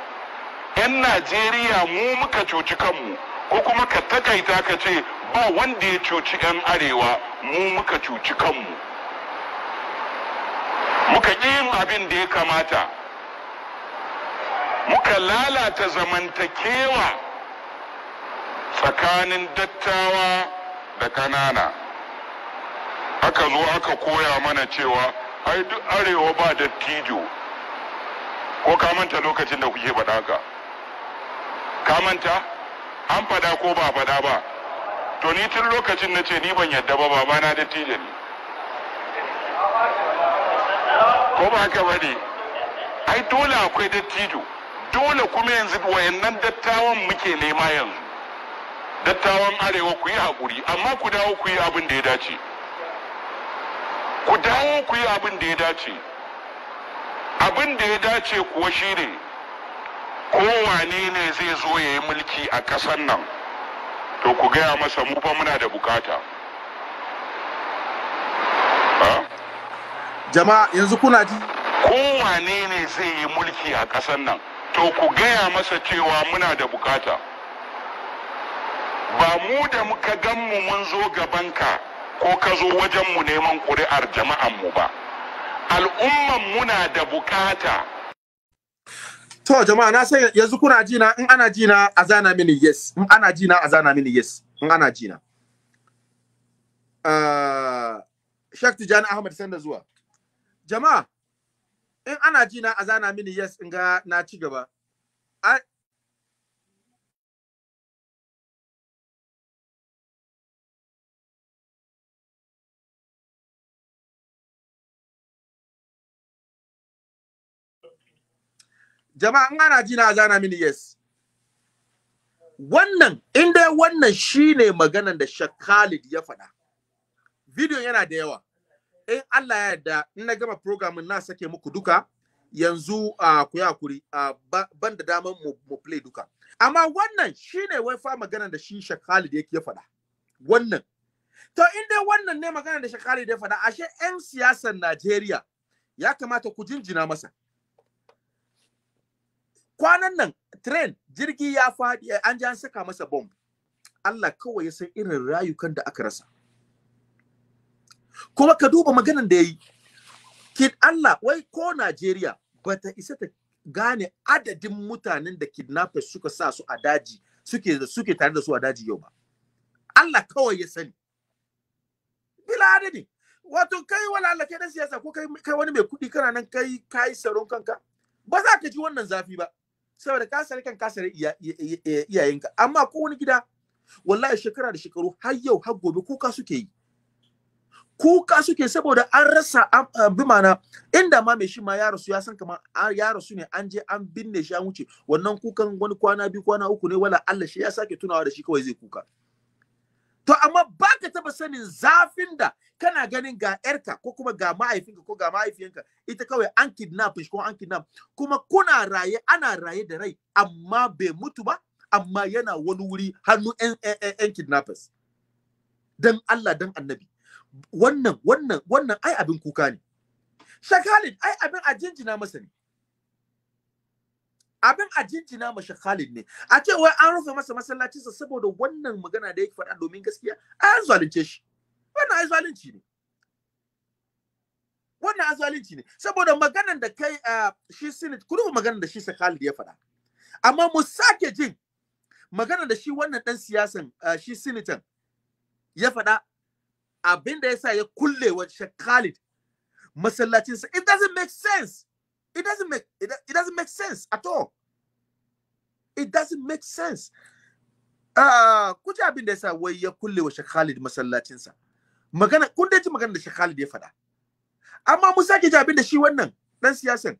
'yan najeriya mu muka cuci kanmu ko kuma ka takaita ka ce ba wanda ya cuci 'yan arewa mu muka cuci kanmu muka yin abin da ya kamata muka lalata zamantakewa tsakanin dattawa da kanana aka zo aka koya mana cewa ai duk arewa ba dattijo ko ka manta lokacin da kuke faɗa ka ka manta an faɗa ko ba faɗa ba to ni tun lokacin na ce ni ban yadda ba ba na dattijo ne ko ba haka ba ne ai dole akwai dattijo dole kuma yanzu wayannan dattawan muke nema yanzu dattawan arewa ku yi haƙuri amma ku dawo ku yi abin da ya dace ku dawo ku yi abin da ya dace abin da ya dace kuwa shine kowane ne zai zo ya yi mulki a ƙasar nan to ku gaya masa mu fa muna da bukata jama'a yanzu kuna ji kowane ne zai yi mulki a ƙasar nan to ku gaya masa cewa muna da bukata ba mu da muka gan mu mun zo gabanka ko ka zo wajenmu neman ƙuri'ar jama'anmu ba al'umman muna da bukata to jama'a na sai yanzu kuna jina, in ana jina a zana mini yes in ana jina a zana mini yes in ana jina. Ah, Shakti uh, Ahmed Tijani Ahmad sanda zuwa jama'a in ana jina a zana mini yes in ga na ci gaba jama'a in ana jina zana mini yes wannan in dai wannan shine maganan da Shakalid ya faɗa bidiyon yana da yawa in Allah ya yarda in na gama programin na sake muku duka yanzu a ku uh, ban da daman mu play duka amma wannan shine wai fa maganan da shi Shakalid yake ya faɗa wannan to in dai wannan ne maganan da Shakalid ya faɗa ashe 'yan siyasar Najeriya ya kamata ku jinjina masa kwanan nan train jirgi ya faɗi eh, an ji an saka masa bomb Allah kawai ya san irin rayukan da aka rasa kuma ka duba maganan da yayi kid Allah wai ko Najeriya bata isa ta gane adadin mutanen da kidnappers suka sa su a daji suke suke tare da su a daji yau ba Allah kawai ya sani bila adadi wato kai wala kai dan siyasa ko kai kai wani mai kuɗi kana nan kai kai saron kanka ba za ka ji wannan zafi ba saboda ka sare kan ka sare iyayenka amma ko wani gida wallahi shekara da shekaru har yau har gobe kuka suke yi kuka suke saboda an rasa eh, bi mana inda ma mai shi ma ya rasu ya san kamar ya rasu ne an je an binne shi an wuce wannan kukan wani kwana biyu kwana uku ne wala Allah shi ya sake tunawa da shi kawai zai kuka to amma ba ka taba sanin zafin da kana ganin ga yarka ko kuma ga mahaifinka ko ga mahaifiyanka ita kawai an kidnap shi ko an kidnap kuma kuna raye ana raye da rai amma bai mutu ba amma yana wani wuri hannu yan kidnappers dan Allah dan annabi wannan wannan wannan ai abin kuka ne shakalin ai abin a jinjina masa ne abin a jinjina mashi Khalid ne a ce wai an rufe masa masallacinsa saboda wannan magana da yake faɗa domin gaskiya an zalunce shi wannan ai zalunci ne wannan an zalunci ne saboda magana da kai eh, shi sinit kudu magana da shi sa Khalid ya faɗa amma mu sake jin magana da shi wannan dan siyasan eh, shi sinitan ya faɗa abin da yasa ya kulle wa Khalid masallacinsa it doesn't make sense It doesn't make it, it doesn't make sense at all. It doesn't make sense. Ah, kuce abin da yasa wai ya kulle wa Sheikh Khalid masallacinsa. Magana kun dai magana da Sheikh Khalid ya faɗa. Amma mu sake ji abin da shi wannan dan siyasan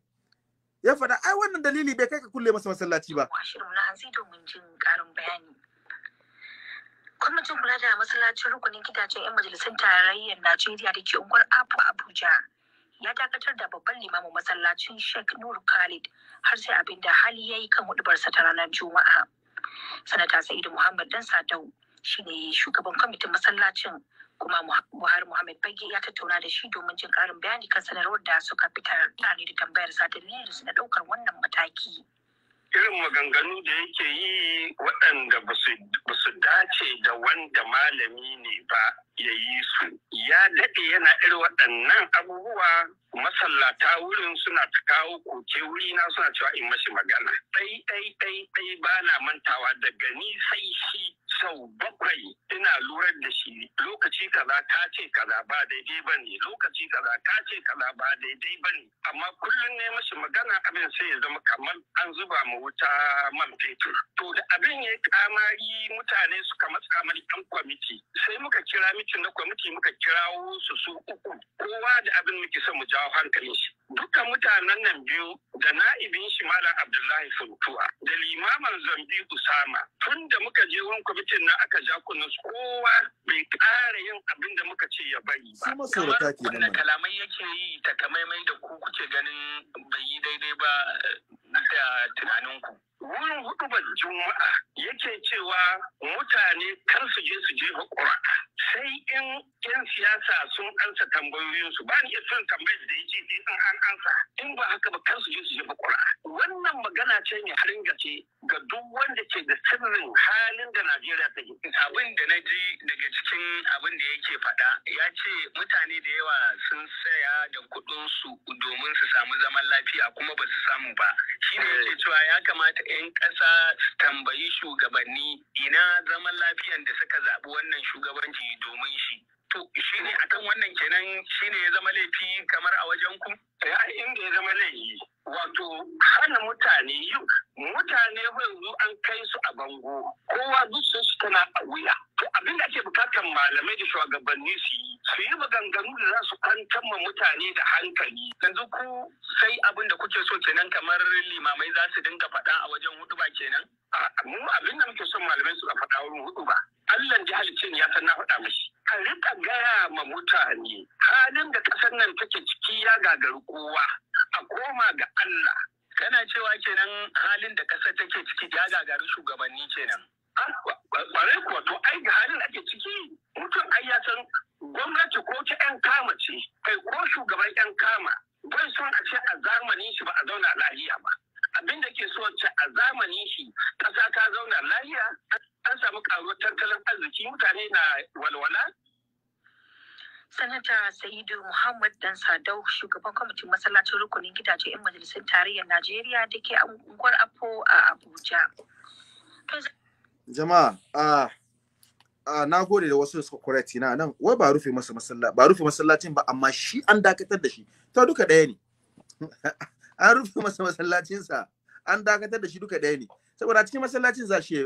ya faɗa ai wannan dalili bai kai ka kulle masa masallaci ba. Shirin na hanzi domin jin ƙarin bayani. Kwamitin kula da masallacin rukunin gidajen 'yan majalisar tarayyar Najeriya da ke unguwar Abu Abuja ya dakatar da babban limamin masallacin Sheikh Nur Khalid har sai abin da hali ya yi kan hudubarsa ta ranar Juma'a. Sanata Sa'idu Muhammad Dan Sadau shi ne shugaban kwamitin masallacin kuma Buhari Muhammad Bage ya tattauna da shi domin jin karin bayani kan sanarwar da suka fitar ne da tambayar sa dalilin su na ɗaukar wannan mataki. irin maganganu da yake yi waɗanda ba su dace da wanda malami ne ba ya yi su ya daɗe yana irin waɗannan abubuwa masallata wurin suna ta kawo koke wuri na suna cewa in mashi magana ɗai ɗai ɗai ɗai ba na mantawa daga ni sai shi sau bakwai ina lurar da shi lokaci kaza ka ce kaza ba daidai ba ne lokaci kaza ka ce kaza ba daidai ba ne amma kullum ne mashi magana abin sai ya zama kamar an zuba ma wuta man fetur to da abin ya kamari mutane suka matsa mani ɗan kwamiti sai muka kira mitin na kwamiti muka kirawo su su uku kowa da abin muke son mu ja jawo hankalinsu. dukkan mutanen nan biyu da na'ibin shi malam abdullahi funtuwa da limaman zambi usama tun da muka je wurin kwamitin na aka ja kunna su kowa bai ƙara yin abin da muka ce ya bari ba kamar wanda kalamai yake yi takamaimai da ku kuke ganin bai yi daidai ba eh, da tunaninku wurin hudubar juma'a yake cewa mutane kan su je su je hukura sai in yan siyasa sun ansa tambayoyinsu ba ni son tambayar da yake sai in an ansa in ba haka ba kan su je su je hukura wannan magana ce mai harin ce, ga duk wanda ke da sirrin halin da Najeriya ta yi. abin da na ji daga cikin abin da yake faɗa ya ce mutane da yawa sun saya da kuɗinsu domin su samu zaman lafiya kuma ba su samu ba shine yake eh. cewa ya kamata 'yan ƙasa su tambayi shugabanni ina zaman lafiyan da suka zaɓi wannan shugabanci domin shi. To shi ne akan wannan kenan shi ne ya zama laifi kamar a wajen ku? Eh, inda ya zama laifi wato hana mutane yi mutane yanzu an kai su a bango kowa sun su tana a wuya to abin da ake bukatar malamai da shugabanni su yi su yi maganganu da za su kwantar ma mutane da hankali yanzu ku sai abin da kuke so kenan kamar limamai za su dinga faɗa a wajen hudu ba kenan mu abin da muke son malamai su faɗa wurin hudu ba Allah da halicce ya san na faɗa mashi a rika gaya ma mutane halin da ƙasar nan take ciki ya gagari kowa a koma ga Allah kana cewa kenan halin da ƙasa take ciki ya gagari shugabanni kenan kwarai ah, kuwa to ai ga halin ake ciki mutum ai ya san gwamnati ko ta yan kama ce kai ko shugaban yan kama bai son a ce a zamanin shi ba a zauna lahiya ba abin da ke so ce a zamanin shi ƙasa ta zauna lahiya an samu ƙaruwar tattalin arziki mutane na walwala sanata sa'idu muhammad dan sadau shugaban kwamitin masallacin rukunin gidaje 'yan majalisar tarayyar najeriya da ke unguwar apo a abuja jama'a a na gode da wasu suka correct na nan wai ba rufe masa masallaci ba rufe masallacin ba amma shi an dakatar da shi to duka ɗaya ne [LAUGHS] an rufe masa masallacin sa an dakatar da shi duka ɗaya ne saboda cikin masallacin za shi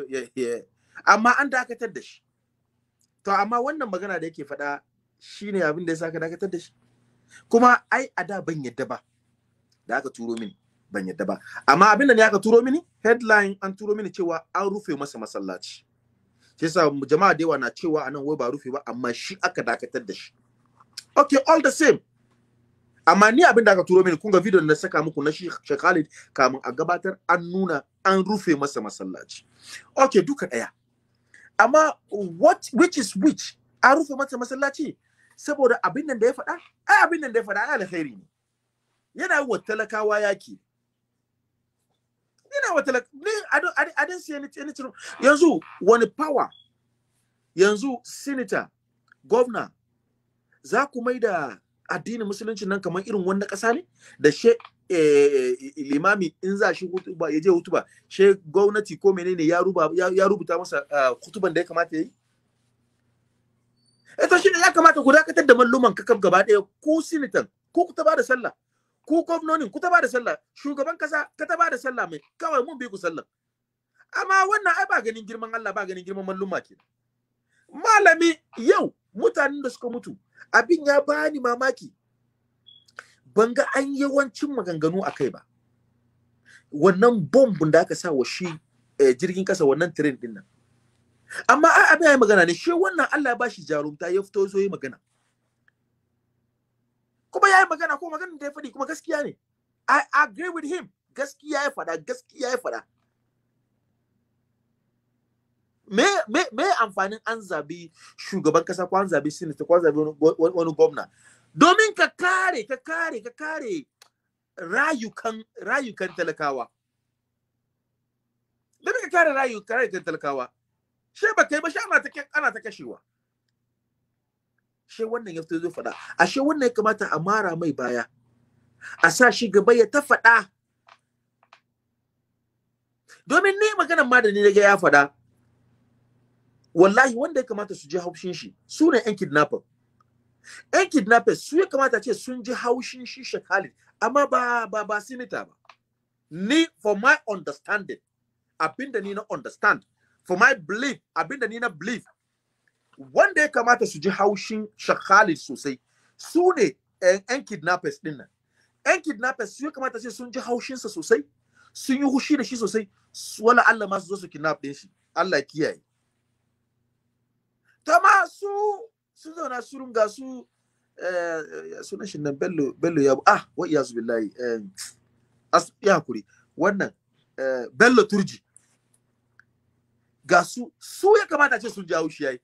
amma an dakatar da shi to amma wannan magana da yake faɗa Shi ne abin da ya saka dakatar da shi kuma ai a da ban yadda ba da aka turo mini ban yadda ba amma abin da ne aka turo mini headline an turo mini cewa an rufe masa masallaci shi yasa jama'a da yawa na cewa anan wai ba rufe ba amma shi aka dakatar da shi okay all the same amma ni abin da aka turo mini kun ga video na saka muku na shi Khalid kamun a gabatar an nuna an rufe masa masallaci okay duka daya amma what which is which an rufe masa masallaci saboda abin nan da ya faɗa ai abin nan da ya faɗa ai alkhairi ne yana wa talakawa yaki yana wa talaka ni i don't see any yanzu wani power yanzu senator governor za ku mai da addinin musulunci nan kamar irin wannan ƙasa ne da she eh, eh, limami in za shi hutuba ya je hutuba she gwamnati ko menene ya rubuta masa ah, hutuban da ya kamata ya yi Ito eh, shi shine ya kamata ku dakatar da malluman kakab gaba ɗaya ku sinitan ku ku ta bada sallah ku gwamnonin ku ta bada sallah shugaban kasa ka ta bada sallah mai kawai mun bi ku sallah amma wannan ai ba ganin girman Allah ba ganin girman malluma ke malami yau mutanen da suka mutu abin ya bani mamaki ban ga an yawancin maganganu a kai ba wannan bombun da aka sa wa shi eh, jirgin kasa wannan train din nan amma ai abin yi magana ne shi wannan Allah ya bashi jarumta ya fito zo yi magana kuma yayi magana ko maganar da ya faɗi kuma gaskiya ne I agree with him gaskiya ya faɗa gaskiya ya faɗa me me me amfanin an zabi shugaban kasa ko an zabi sinister ko an zabi wani gwamna domin ka kare ka kare ka kare rayukan rayukan talakawa domin ka kare rayukan talakawa she ba ta yi ba she ana ta ana ta kashewa she wannan ya fito zo faɗa ashe wannan ya kamata a mara mai baya a sa shi gaba ya ta faɗa domin ni maganar ma da ni daga ya faɗa wallahi wanda ya kamata su ji haushin shi su ne yan kidnapper yan kidnapper su ya kamata ce sun ji haushin shi shakali amma ba ba ba sinita ba ni for my understanding abinda ni na understand for my belief abinda ni na belief wanda ya kamata su ji haushin shakali sosai su ne yan kidnappers din nan yan kidnappers su ya kamata sai sun ji haushin haushinsa sosai sun yi hushi da shi sosai wala Allah ma su zo su kidnap din shi Allah kiyaye ta ma su sun zauna su runga su eh, sunan shi nan bello bello ya ah wa iyazu billahi eh, ya hakuri wannan eh, bello turji ga su su ya kamata ce sun jawo shi yayi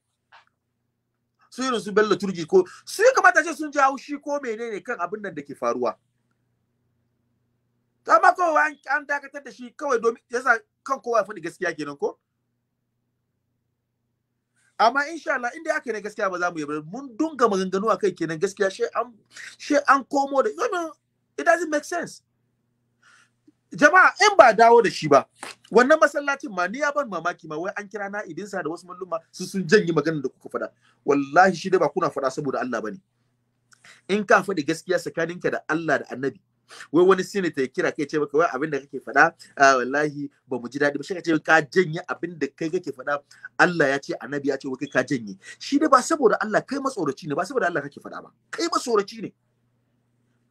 su irin su bello turji ko su ya kamata ce sun jawo shi ko menene kan abin nan da ke faruwa ta ma kawai an dakatar da shi kawai domin yasa kan kowa ya faɗi gaskiya kenan ko amma insha Allah inda aka ne gaskiya ba za mu yi mun dunga maganganu a kenan gaskiya she an she an komo da it doesn't make sense jama'a in ba dawo da shi ba wannan masallacin ma ni ya ban mamaki ma wai an kira na idinsa da wasu malluma su sun janye maganar da kuka faɗa wallahi shi da ba kuna faɗa saboda Allah bane in ka faɗi gaskiya tsakaninka da Allah da Annabi wai wani sinita ya kira kai ce maka wai abin da kake faɗa wallahi ba mu ji daɗi ba shi ka ce ka janye abin da kai kake faɗa Allah ya ce annabi ya ce wai ka janye shi dai ba saboda Allah kai masoraci ne ba saboda Allah kake faɗa ba kai masoraci ne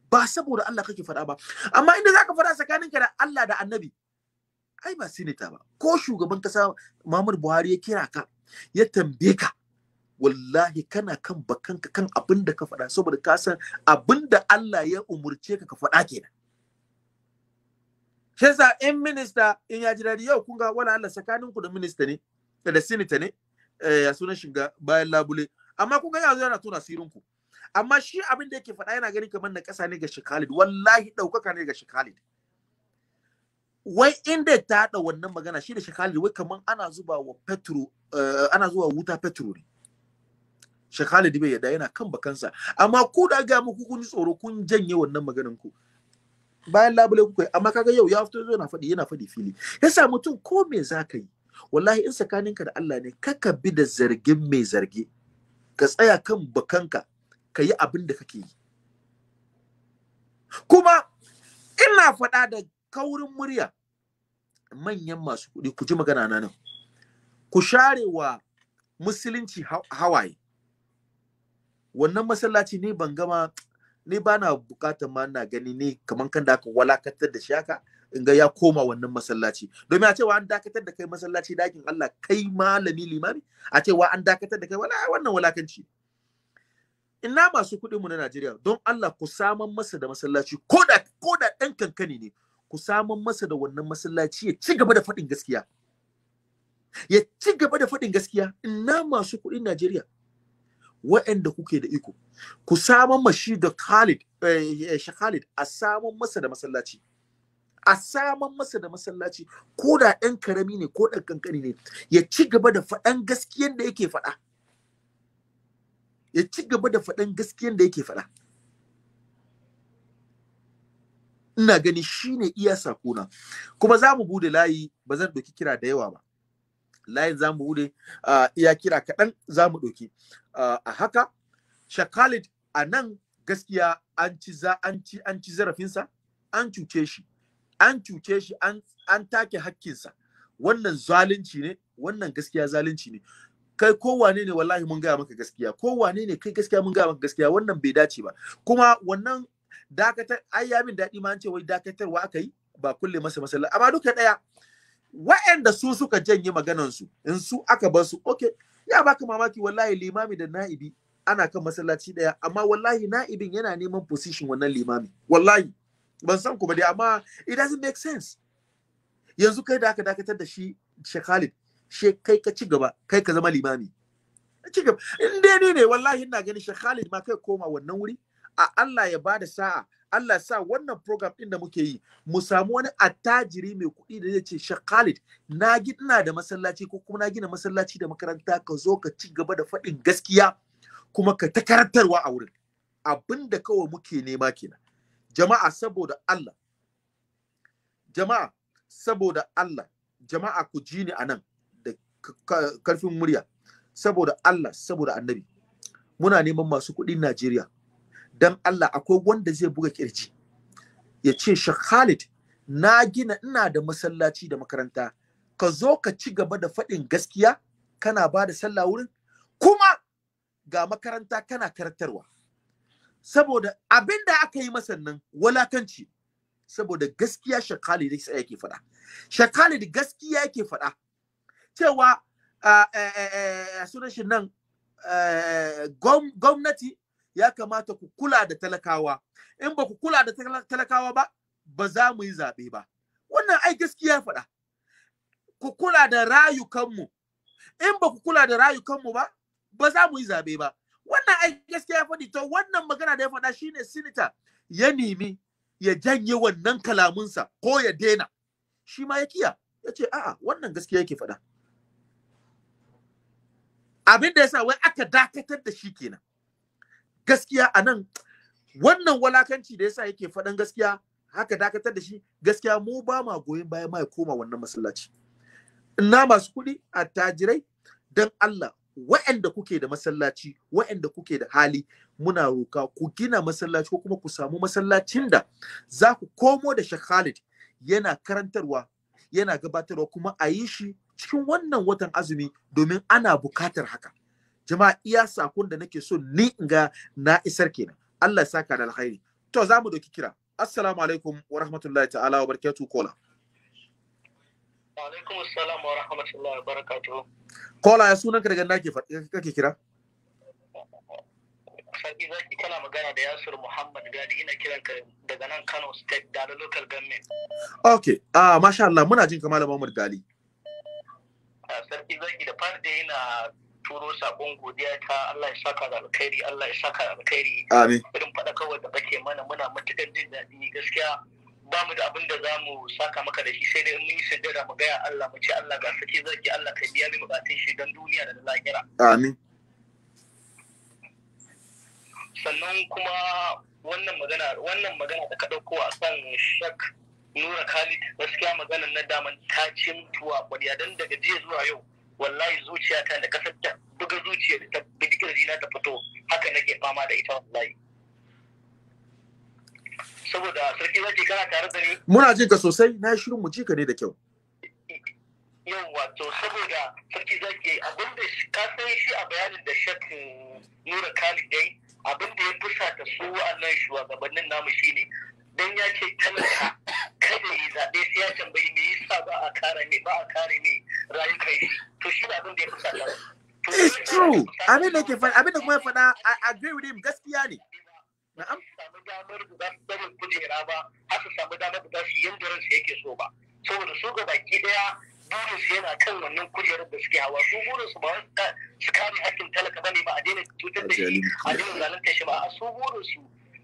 ba saboda Allah kake faɗa ba amma inda zaka faɗa tsakaninka da Allah da annabi ai ba sinita ba ko shugaban kasa Muhammadu Buhari ya kira ka ya tambaye ka wallahi kana kan bakanka kan abinda ka faɗa saboda ka san abinda Allah ya umurce ka ka faɗa kenan shi yasa in minista in ya ji daɗi yau kun ga wala Allah tsakaninku da minista ne da sinita ne eh, ya sunan shiga bayan labule amma kun ga yanzu yana tona sirinku ku amma shi abin da yake faɗa yana ganin kamar na ƙasa ne ga shi Khalid wallahi ɗaukaka ne ga shi Khalid wai inda ta haɗa wannan magana shi da shi Khalid wai kamar ana zuba wa petro eh, ana zuba wuta petro ne shi Khalid bai yadda yana kan bakansa amma ku da ga muku kun tsoro kun janye wannan maganan ku bayan labule ku kai amma kaga yau ya fito yana faɗi yana faɗi fili yasa mutum ko me zaka yi wallahi in tsakaninka da Allah ne kaka bi da zargin mai zargi ka tsaya kan bakanka ka yi abin da kake yi kuma ina faɗa da kaurin murya manyan masu kuɗi ku ji magana na nan ku share wa musulunci hawaye wannan masallaci ne ban gama ni ba na bukatar ma na gani ne kamar kan da aka walakatar da shi haka in ga ya koma wannan masallaci domin a cewa an dakatar da kai masallaci dakin Allah kai malami limami a cewa an dakatar da kai wala wannan walakanci ina masu kuɗinmu na Najeriya don Allah ku saman masa da masallaci ko da ko da ɗan kankani ne ku saman masa da wannan masallaci ya ci gaba da faɗin gaskiya ya ci gaba da faɗin gaskiya ina masu kuɗin Najeriya waɗanda kuke da iko ku saman mashi da Khalid eh, Khalid a saman masa da masallaci a saman masa da masallaci ko da ɗan karami ne ko ɗan kankani ne ya ci gaba da faɗan gaskiyan da yake faɗa ya ci gaba da faɗan gaskiyan da yake faɗa ina gani ne iya sakona kuma za mu bude layi ba zan ɗauki kira da yawa ba layin za mu bude iya kira kaɗan za mu ɗauki a haka shakalid a nan gaskiya an ci za an ci an ci zarafinsa an cuce shi an cuce shi an take hakkinsa wannan zalunci ne wannan gaskiya zalunci ne kai wane ne wallahi mun gaya maka gaskiya wane ne kai gaskiya mun gaya maka gaskiya wannan bai dace ba kuma wannan dakatar ai ya min daɗi ma an ce wai dakatarwa aka yi ba kulle masa masala amma duka ɗaya wa'anda su suka janye maganan su in su aka bar su okay ya baka mamaki wallahi limami da na'ibi ana kan masallaci ɗaya amma wallahi na'ibin yana neman position wannan limami wallahi ban san kuma dai amma it doesn't make sense yanzu kai da aka dakatar da shi Sheikh Khalid she kai ka ci gaba kai ka zama limami ci gaba in dai ni ne wallahi ina ganin shi Khalid ma kai koma wannan wuri a Allah ya bada sa'a Allah sa wannan program din da muke yi mu samu wani attajiri mai kuɗi da zai ce Sheikh Khalid na gina da masallaci ko kuma na gina masallaci da makaranta ka zo ka ci gaba da faɗin gaskiya kuma ka ta karantarwa a wurin Abinda kawai muke nema kenan jama'a saboda Allah jama'a saboda Allah jama'a ku ji ni anan karfin murya saboda Allah saboda annabi muna neman masu kuɗin Najeriya dan Allah akwai wanda zai buga kirji ya ce Sheikh Khalid na gina ina da masallaci da makaranta ka zo ka ci gaba da faɗin gaskiya kana ba da sallah wurin kuma ga makaranta kana karantarwa saboda abinda aka yi masa nan walakanci saboda gaskiya Sheikh Khalid sai yake faɗa Sheikh Khalid gaskiya yake faɗa cewa sunan shi nan gwamnati ya kamata ku kula da talakawa in ba ku kula da talakawa ba ba za mu yi zaɓe ba wannan ai gaskiya faɗa ku kula da rayukanmu in ba ku kula da rayukanmu ba ba za mu yi zaɓe ba wannan ai gaskiya faɗi to wannan magana da ya faɗa shi ne sinita ya nemi ya janye wannan kalamunsa ko ya dena shi ma ya kiya ya ce a'a wannan gaskiya yake faɗa abin da yasa wai aka dakatar da shi kenan gaskiya a nan wannan walakanci da yasa yake faɗan gaskiya haka dakatar da shi gaskiya mu ba ma goyon baya ma ya koma wannan masallaci ina masu kuɗi attajirai dan Allah wa'anda kuke da masallaci wa'anda kuke da hali muna roka ku gina masallaci ko kuma ku samu masallacin da za ku komo da Sheikh Khalid yana karantarwa yana gabatarwa kuma a yi shi cikin wannan watan azumi domin ana bukatar haka jama'a iya sakon da nake so ni in ga na isar kenan Allah ya saka da alkhairi to za mu doki kira assalamu alaikum wa rahmatullahi ta'ala wa barakatuh kola wa alaikum assalam wa rahmatullahi wa barakatuh kola ya sunan ka daga na ke kake kira sarki zaki kana magana da yasir muhammad gadi ina kiran ka daga nan kano state da local government okay ah masha Allah muna jin ka malam Muhammad Gali sarki zaki da da yana turo sakon godiya ta Allah ya saka da alkhairi Allah ya saka da alkhairi amin irin fada kawai da kake mana muna matukar jin daɗi gaskiya ba mu da abin da za mu saka maka da shi sai dai mun yi sujjada mu gaya Allah mu ce Allah ga sarki zaki Allah ka biya min bukatun shi dan duniya da lahira amin sannan kuma wannan magana wannan magana da ka dauko a kan shak nura khalid gaskiya magana na daman ta ce mutuwa kwariya don daga jiya zuwa yau wallahi zuciya ta da kasar ta buga zuciya da ta bugi kirjina ta fito haka nake fama da ita wallahi saboda sarki zaki kana tare da ni muna jin ka sosai na shirin mu ji ka ne da kyau yawa to saboda sarki zaki abin da ka san shi a bayanin da shak nura khalid dai abin da ya fusata su wa'annan shugabannin namu shine dan ya ce talaka kada ya zaɓe sai ya tambayi me yasa ba a kare ne ba a kare ne rayukan shi to shi abin da ya fusa ta It's true. Abin da ke faɗa, abin da kuma ya faɗa, I agree with him gaskiya ne. Na'am. Samu damar da su barin kujera ba, har su samu damar da za su yanda ransu yake so ba. Saboda su ga baki ɗaya burinsu yana kan wannan kujerar da suke hawa su burinsu ba su kare hakkin talaka ba ne, ba a daina cutar da shi a daina zalunta shi ba a su burinsu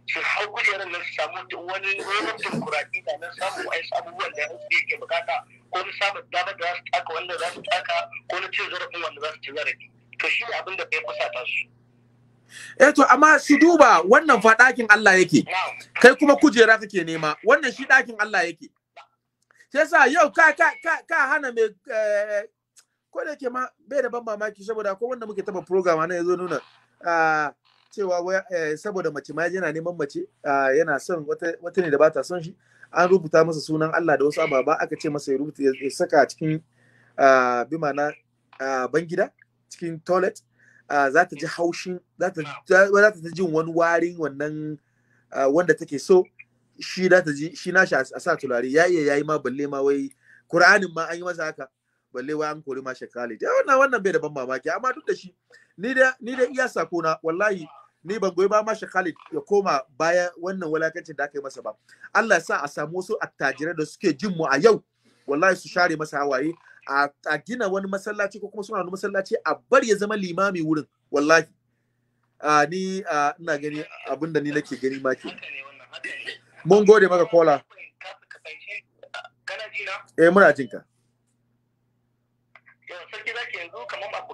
su hau kujerar nan su samu wani wani demokuraɗi da nan samu a yasu abubuwan da yansu da yake bukata ko na samun damar da za su taka wanda za su taka ko na cin zarafin wanda za su ci zarafi to shi abin da bai kusa ta su. Eh to amma su duba wannan fa ɗakin Allah yake kai kuma kujera kake nema wannan shi ɗakin Allah yake sai sa yau ka ka ka hana mai eh, ko da ke ma bai da ban mamaki saboda ko wanda muke taba program na yazo nuna ah, cewa eh, saboda mace ma yana neman mace ah, yana son wata ne da ba ta son shi an rubuta masa sunan Allah da wasu ababa aka ce masa ya rubuta ya saka cikin ah, bi ah, bangida cikin toilet za ta ji haushin za ta jin wani warin wannan wanda take so shi za ta ji shi na a sa tulare. ya iya yayi ma balle ma wai Kur'anin ma an yi masa haka balle wai an kori ma shekali wannan wannan bai da ban mamaki amma duk da shi ni da ni da iya sako na wallahi ni ban goyi ba Masha Khalid ya koma baya wannan walakancin da aka yi masa ba Allah ya sa a samu wasu attajirai da suke jin mu a yau wallahi su share masa hawaye a gina wani masallaci ko kuma suna wani masallaci a bar ya zama limami wurin wallahi ni ina gani abin da ni nake gani ma ke mun gode maka kola eh muna jinka sarki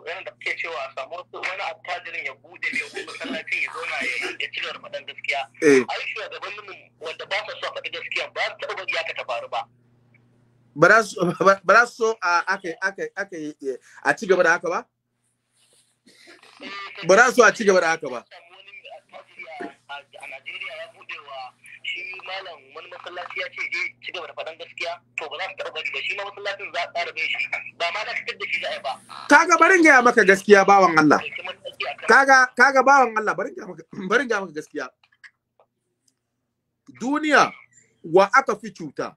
maganar da kuke cewa a samu wani attajirin ya bude ne ko masallacin ya zauna ya ya cire faɗan gaskiya eh. ai shugabannin mu wanda ba sa so a faɗi gaskiya ba su taɓa ya ka tabaru ba eh, ba za su so a ci gaba da haka ba? Ba za su a ci gaba da haka ba. A Najeriya ya bude wa malam wani masallaci ya ce je ci gaba da faɗan gaskiya to ba za su taɓa bari ba shi ma masallacin za a tsara shi ba ma za fitar da shi za ba kaga barin gaya maka gaskiya bawan Allah kaga kaga bawan Allah barin gaya maka barin gaya maka gaskiya duniya wa aka fi cuta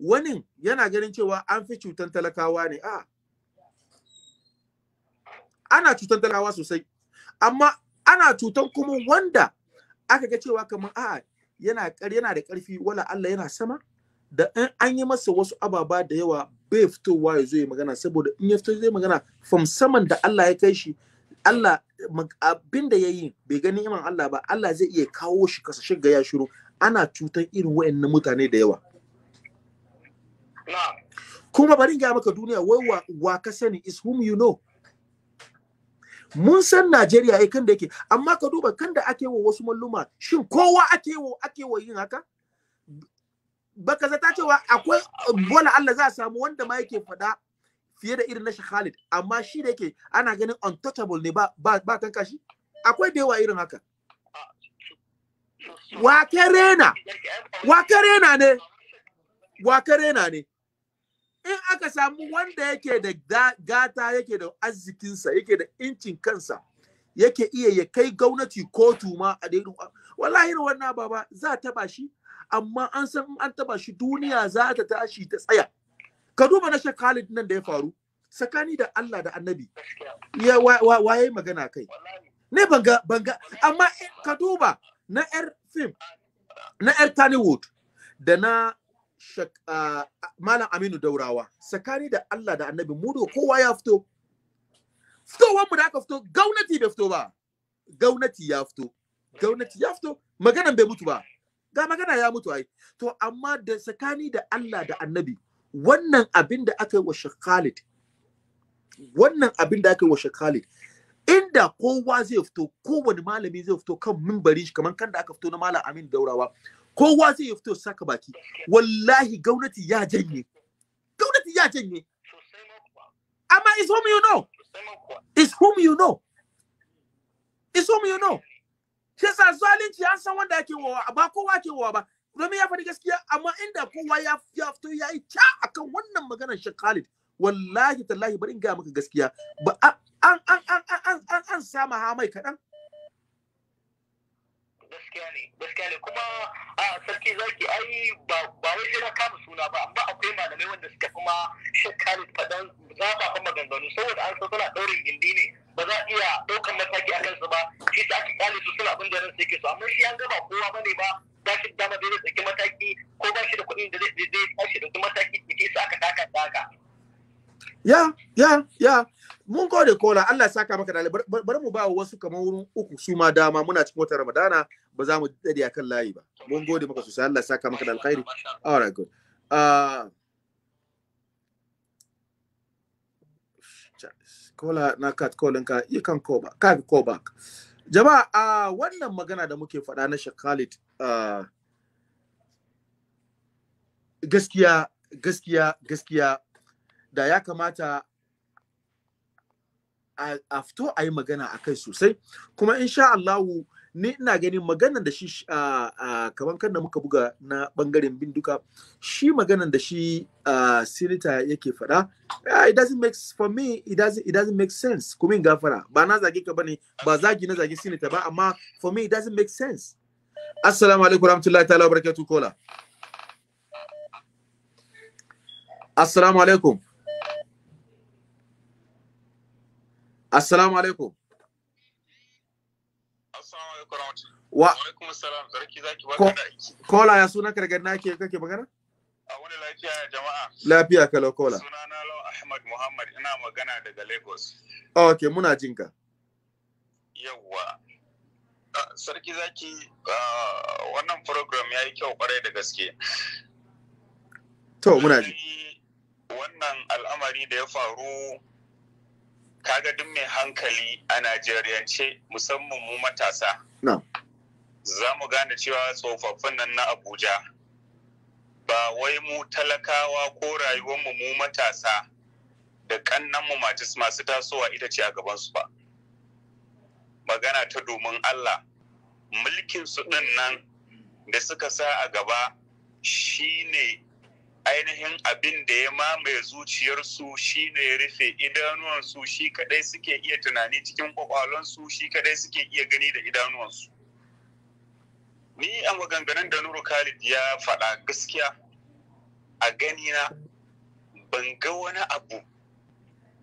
wani yana ganin cewa an fi cutan talakawa ne a ana cutan talakawa sosai amma ana cutan kuma wanda aka ga cewa kamar a'a yana yana da ƙarfi wala Allah yana sama da in an yi masa wasu ababa da yawa bai fitowa ya zo ya magana saboda in ya fito zai magana from saman da Allah ya kai shi Allah abin da ya yi bai gani iman Allah ba Allah zai iya kawo shi kasa shiga ya shiru ana cutar irin waɗannan mutane da yawa kuma bari ga maka duniya wai wa ka sani is whom you know mun san Najeriya ya eh, kan da yake amma ka duba kan da ake wa wasu malluma shin kowa ake wa ake wa yin haka baka zata cewa akwai bola Allah za a samu wanda ma yake faɗa fiye da irin na Khalid amma shi da yake ana ganin untouchable ne ba ba, kan kashi akwai da yawa irin haka wake ne wake ne in aka samu wanda yake da gata yake da arzikinsa yake da incin kansa yake iya ya kai gwamnati kotu ma a daidai wallahi wannan baba za ta bashi? amma an san an taba shi duniya za ta tashi ta tsaya ka duba na Khalid nan da ya faru tsakani da Allah da Annabi ya waye magana kai ne banga banga amma ka duba na yar film na yar Kannywood da na Malam Aminu Daurawa, tsakani da Allah da annabi mudo kowa ya fito. Fitowar mu da aka fito, gaunati bai fito ba. gaunati ya fito. Gaunati ya fito, maganan bai mutu ba. Ga magana ya mutu ai. To amma da tsakani da Allah da annabi, wannan abin da aka yi wa Sheikh Khalid, wannan abin da aka yi wa Sheikh Khalid, inda kowa zai fito kowane malami zai fito kan mimbarin shi kamar kan da aka fito na malam amin daurawa kowa zai yi fito saka baki wallahi gwamnati ya janye gwamnati ya janye amma is whom you know is whom you know is whom you know shi yasa zalunci an san wanda yake wawa ba kowa ke wawa ba domin ya faɗi gaskiya amma inda kowa ya ya fito ya yi ca akan wannan maganar shi Khalid wallahi tallahi bari in ga maka gaskiya ba an an an an an an sama hamai kaɗan gaskiya ne gaskiya ne kuma a sarki zaki ai ba ba wai sai na kama suna ba amma akwai malamai wanda suka kuma shakkali fadan zafafan maganganu saboda an san suna ɗaurin gindi ne ba za a iya ɗaukan mataki a kansu ba shi sa aka kyale su suna abin da ran sai ke so amma shi an gaba kowa bane ba ba shi da dama zai tsaki mataki ko ba shi da kuɗin da zai tsaki da mataki da ke sa aka taka taka ya ya ya mun gode kola Allah saka maka da bari mu ba wasu kamar wurin uku su ma dama muna cikin wata Ramadana ba za mu dade akan layi ba mun gode maka sosai Allah saka maka da alkhairi all right good uh, kola na cut calling ka you can call back can call back jama'a a uh, wannan magana da muke faɗa na Sheikh Khalid uh, gaskiya gaskiya gaskiya da ya kamata a fito a yi magana a kai sosai kuma insha Allahu ni ina ganin maganan da shi kamar kan da muka buga na bangaren bin duka shi maganan da shi sinita yake faɗa ah, it doesn't make for me it doesn't, it doesn't make sense kuma in gafara ba na zage ka bane ba zagi na zage sinita ba amma for me it doesn't make sense assalamu alaikum warahmatullahi ta'ala wabarakatuh kola assalamu alaikum Assalamu alaikum. Assalamu alaikum Wa alaikum assalam sarki zaki barka da aiki. Kola ya suna kargar nake kake magana? A wani lafiya jama'a. Lafiya kalau kola. Suna na Law Ahmad Muhammad ina magana daga Lagos. Okay, muna jinka. ka. Yawwa. Sarki zaki wannan program ya yi kyau kwarai da gaske. To muna ji. Wannan al'amari da ya faru kaga duk mai hankali a najeriyance musamman mu matasa za mu gane cewa tsofaffin nan na abuja ba wai mu talakawa ko rayuwar mu matasa da kannanmu masu tasowa ita ce a gabansu ba magana ta domin allah mulkin su ɗin nan da suka sa a gaba shine ainihin abin da ya mamaye zuciyarsu shi ne rufe idanuwansu shi kadai suke iya tunani cikin kwakwalonsu shi kadai suke iya gani da idanuwansu ni a maganganun da nuru khalid ya faɗa gaskiya a ganina ban ga wani abu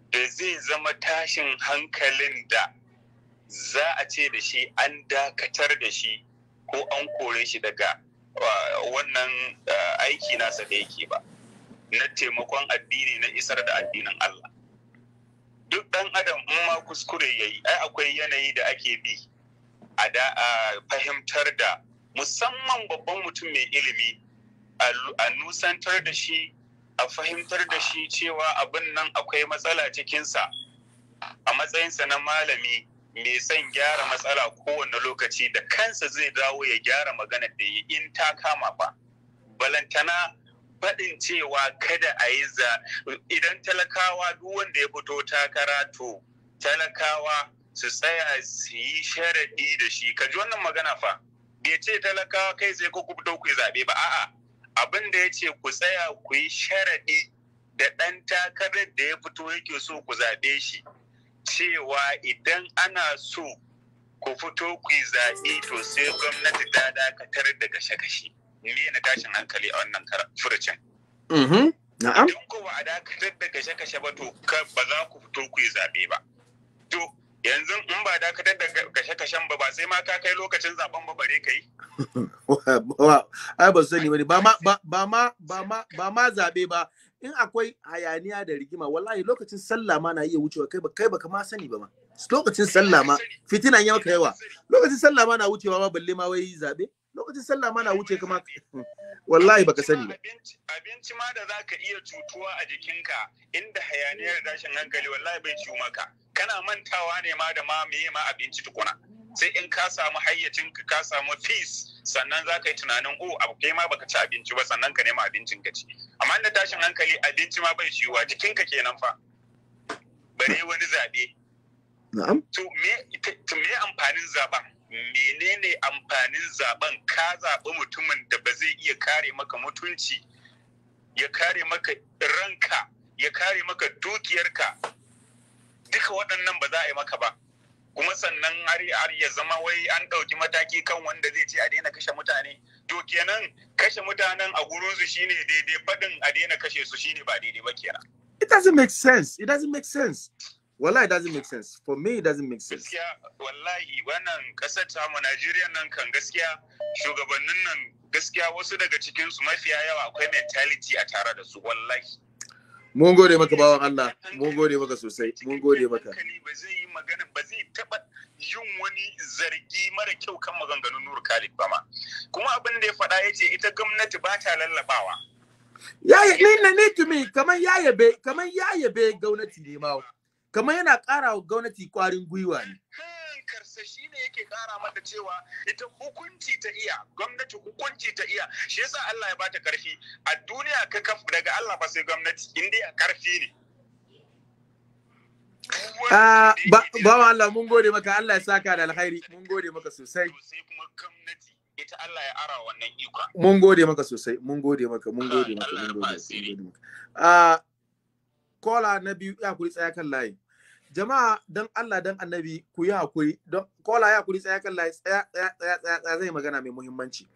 da zai zama tashin hankalin da za a ce da shi an dakatar da shi ko an kore shi daga wannan eh, aiki nasa da yake ba na taimakon addini na isar da addinin Allah duk ɗan adam in ma kuskure ya yi. ai akwai yanayi da ake bi a fahimtar da musamman babban mutum mai ilimi a nusantar da shi a fahimtar da shi cewa abin nan akwai matsala cikinsa a matsayinsa na malami mai son gyara matsala kowane lokaci da kansa zai dawo ya gyara magana da yi in ta kama ba balantana faɗin cewa kada a yi za idan talakawa duk wanda ya fito takara to talakawa su tsaya su yi sharaɗi da shi ka wannan magana fa bai ce talakawa kai sai ku fito ku zaɓe ba a'a abin da ya ce ku tsaya ku yi sharaɗi da ɗan takarar da ya fito yake so ku zaɓe shi cewa idan ana so ku fito ku yi to sai gwamnati ta dakatar da gashe-gashe me na tashin hankali a wannan furucin. Mm-hmm. Na'am. Idan ku ba a dakatar da gashe-gashe ba to ba za ku fito ku yi zaɓe ba. To yanzu in ba dakatar da gashe-gashen ba ba sai ma ka kai lokacin zaben ba bare ka yi. [LAUGHS] Ai ba sani ba ba ma ba ma ba ma zaɓe ba in akwai hayaniya da rigima wallahi lokacin sallah ma na iya wucewa kai kai baka ma sani ba ma lokacin sallah ma fitina ya maka yawa lokacin sallah ma na wucewa ma balle ma wai zabe lokacin sallah ma na wuce kama [LAUGHS] wallahi baka sani ba abinci ma da zaka iya cutuwa a jikinka inda hayaniyar dashin hankali wallahi bai ciwo maka kana mantawa ne ma da ma meye ma abinci tukuna sai in ka samu hayyacin ka ka samu peace sannan za ka yi tunanin o oh, abu kai ma baka ci abinci ba sannan ka nema abincin ka ci amma da tashin hankali abinci ma bai ciwa jikinka kenan fa bare wani zaɓe Na'am. To me amfanin zaben? Menene amfanin zaben ka zabi mutumin da ba zai iya kare maka mutunci, ya kare maka ranka, ya kare maka dukiyarka, duka waɗannan ba za a yi maka ba. kuma sannan har ya zama wai an ɗauki mataki kan wanda zai ce a daina kashe mutane to kenan kashe mutanen a gurin su shine daidai faɗin a daina kashe su shine ba daidai ba kenan it doesn't make sense it doesn't make sense wallahi it doesn't make sense for me it doesn't make sense gaskiya wallahi wannan kasar ta mu Najeriya nan kan gaskiya shugabannin nan gaskiya wasu daga cikin su mafiya yawa akwai mentality a tare da su wallahi mun gode maka bawan Allah mun gode maka sosai mun gode maka ba zai yi magana ba zai taba yin wani zargi mara kyau kan maganganun Nur Khalid ba ma kuma abin da ya faɗa yace ita gwamnati ba ta lallabawa yaya ni na ne tumi kamar yayabe kamar be gwamnati ne ma kamar yana ƙara wa gwamnati ƙwarin gwiwa ne shi ne yake kara mata cewa ita hukunci ta iya gwamnati hukunci ta iya shi yasa Allah ya bata karfi a duniya ka kaf daga Allah ba sai gwamnati in dai karfi ne ah, ba ba Allah mun gode maka Allah ya saka da alkhairi mun gode maka sosai sai kuma gwamnati ita Allah ya ara wannan ikon mun gode maka sosai mun gode maka mun gode maka mun gode maka ah kola na biyu ya kuri tsaya kan layi jama'a don Allah don annabi ku yi hakuri don kola ya hakuri tsaya kan layi tsaya tsaya tsaya tsaya zai magana mai muhimmanci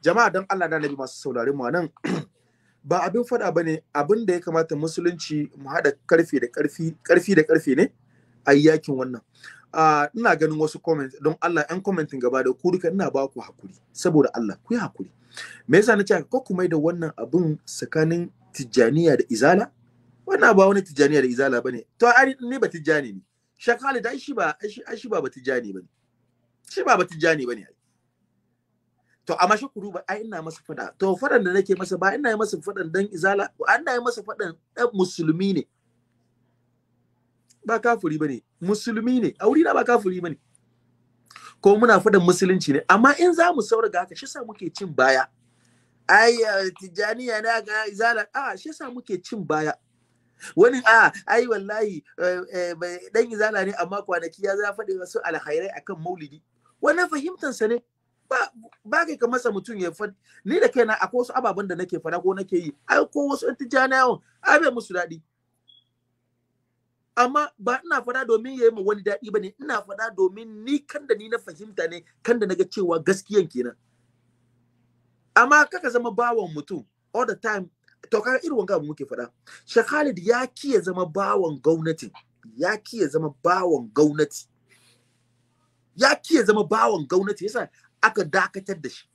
jama'a don Allah don annabi masu saurari, mu nan [CLEARS THROAT] ba abin fada bane abin da ya kamata musulunci mu hada karfi da karfi karfi da karfi ne a yakin wannan ina ganin wasu comment don Allah yan commentin gaba da ku duka ina ba ku hakuri saboda Allah ku yi hakuri me yasa nace ko ku mai da wannan abin tsakanin tijjaniya da izala wannan ba wani tijaniya da izala bane to ai ni ba tijjani ne shek Khalid shi ba ai shi ba ba bane shi ba ba tijjani bane ai to amma shi ba, ai ina masa fada to fadan da nake masa ba ina masa fadan dan izala ina yi masa fadan dan musulmi ne ba kafuri bane musulmi ne auri na ba kafuri bane ko muna fadan musulunci ne amma in za mu sauraga haka shi sa muke cin baya ai tijaniya na ga izala a shi sa muke cin baya wani a ai wallahi dan eh, eh, izala ne amma kwanaki ya za faɗi wasu alkhairai akan maulidi wannan fahimtansa ne ba ba kai ka masa mutum ya faɗi ni da kaina akwai wasu ababen da nake fara ko nake yi ai ko wasu tijana yawon ai bai musu daɗi amma ba ina faɗa domin yayi ma wani daɗi bane ina faɗa domin ni kan da ni na fahimta ne kan da naga cewa gaskiyan kenan amma kaka zama bawan mutum all the time to kaga irin wanga muke faɗa Sheikh Khalid ya kiya zama bawon gwamnati ya kiya zama bawon gwamnati ya kiya zama bawon gwamnati yasa aka dakatar da shi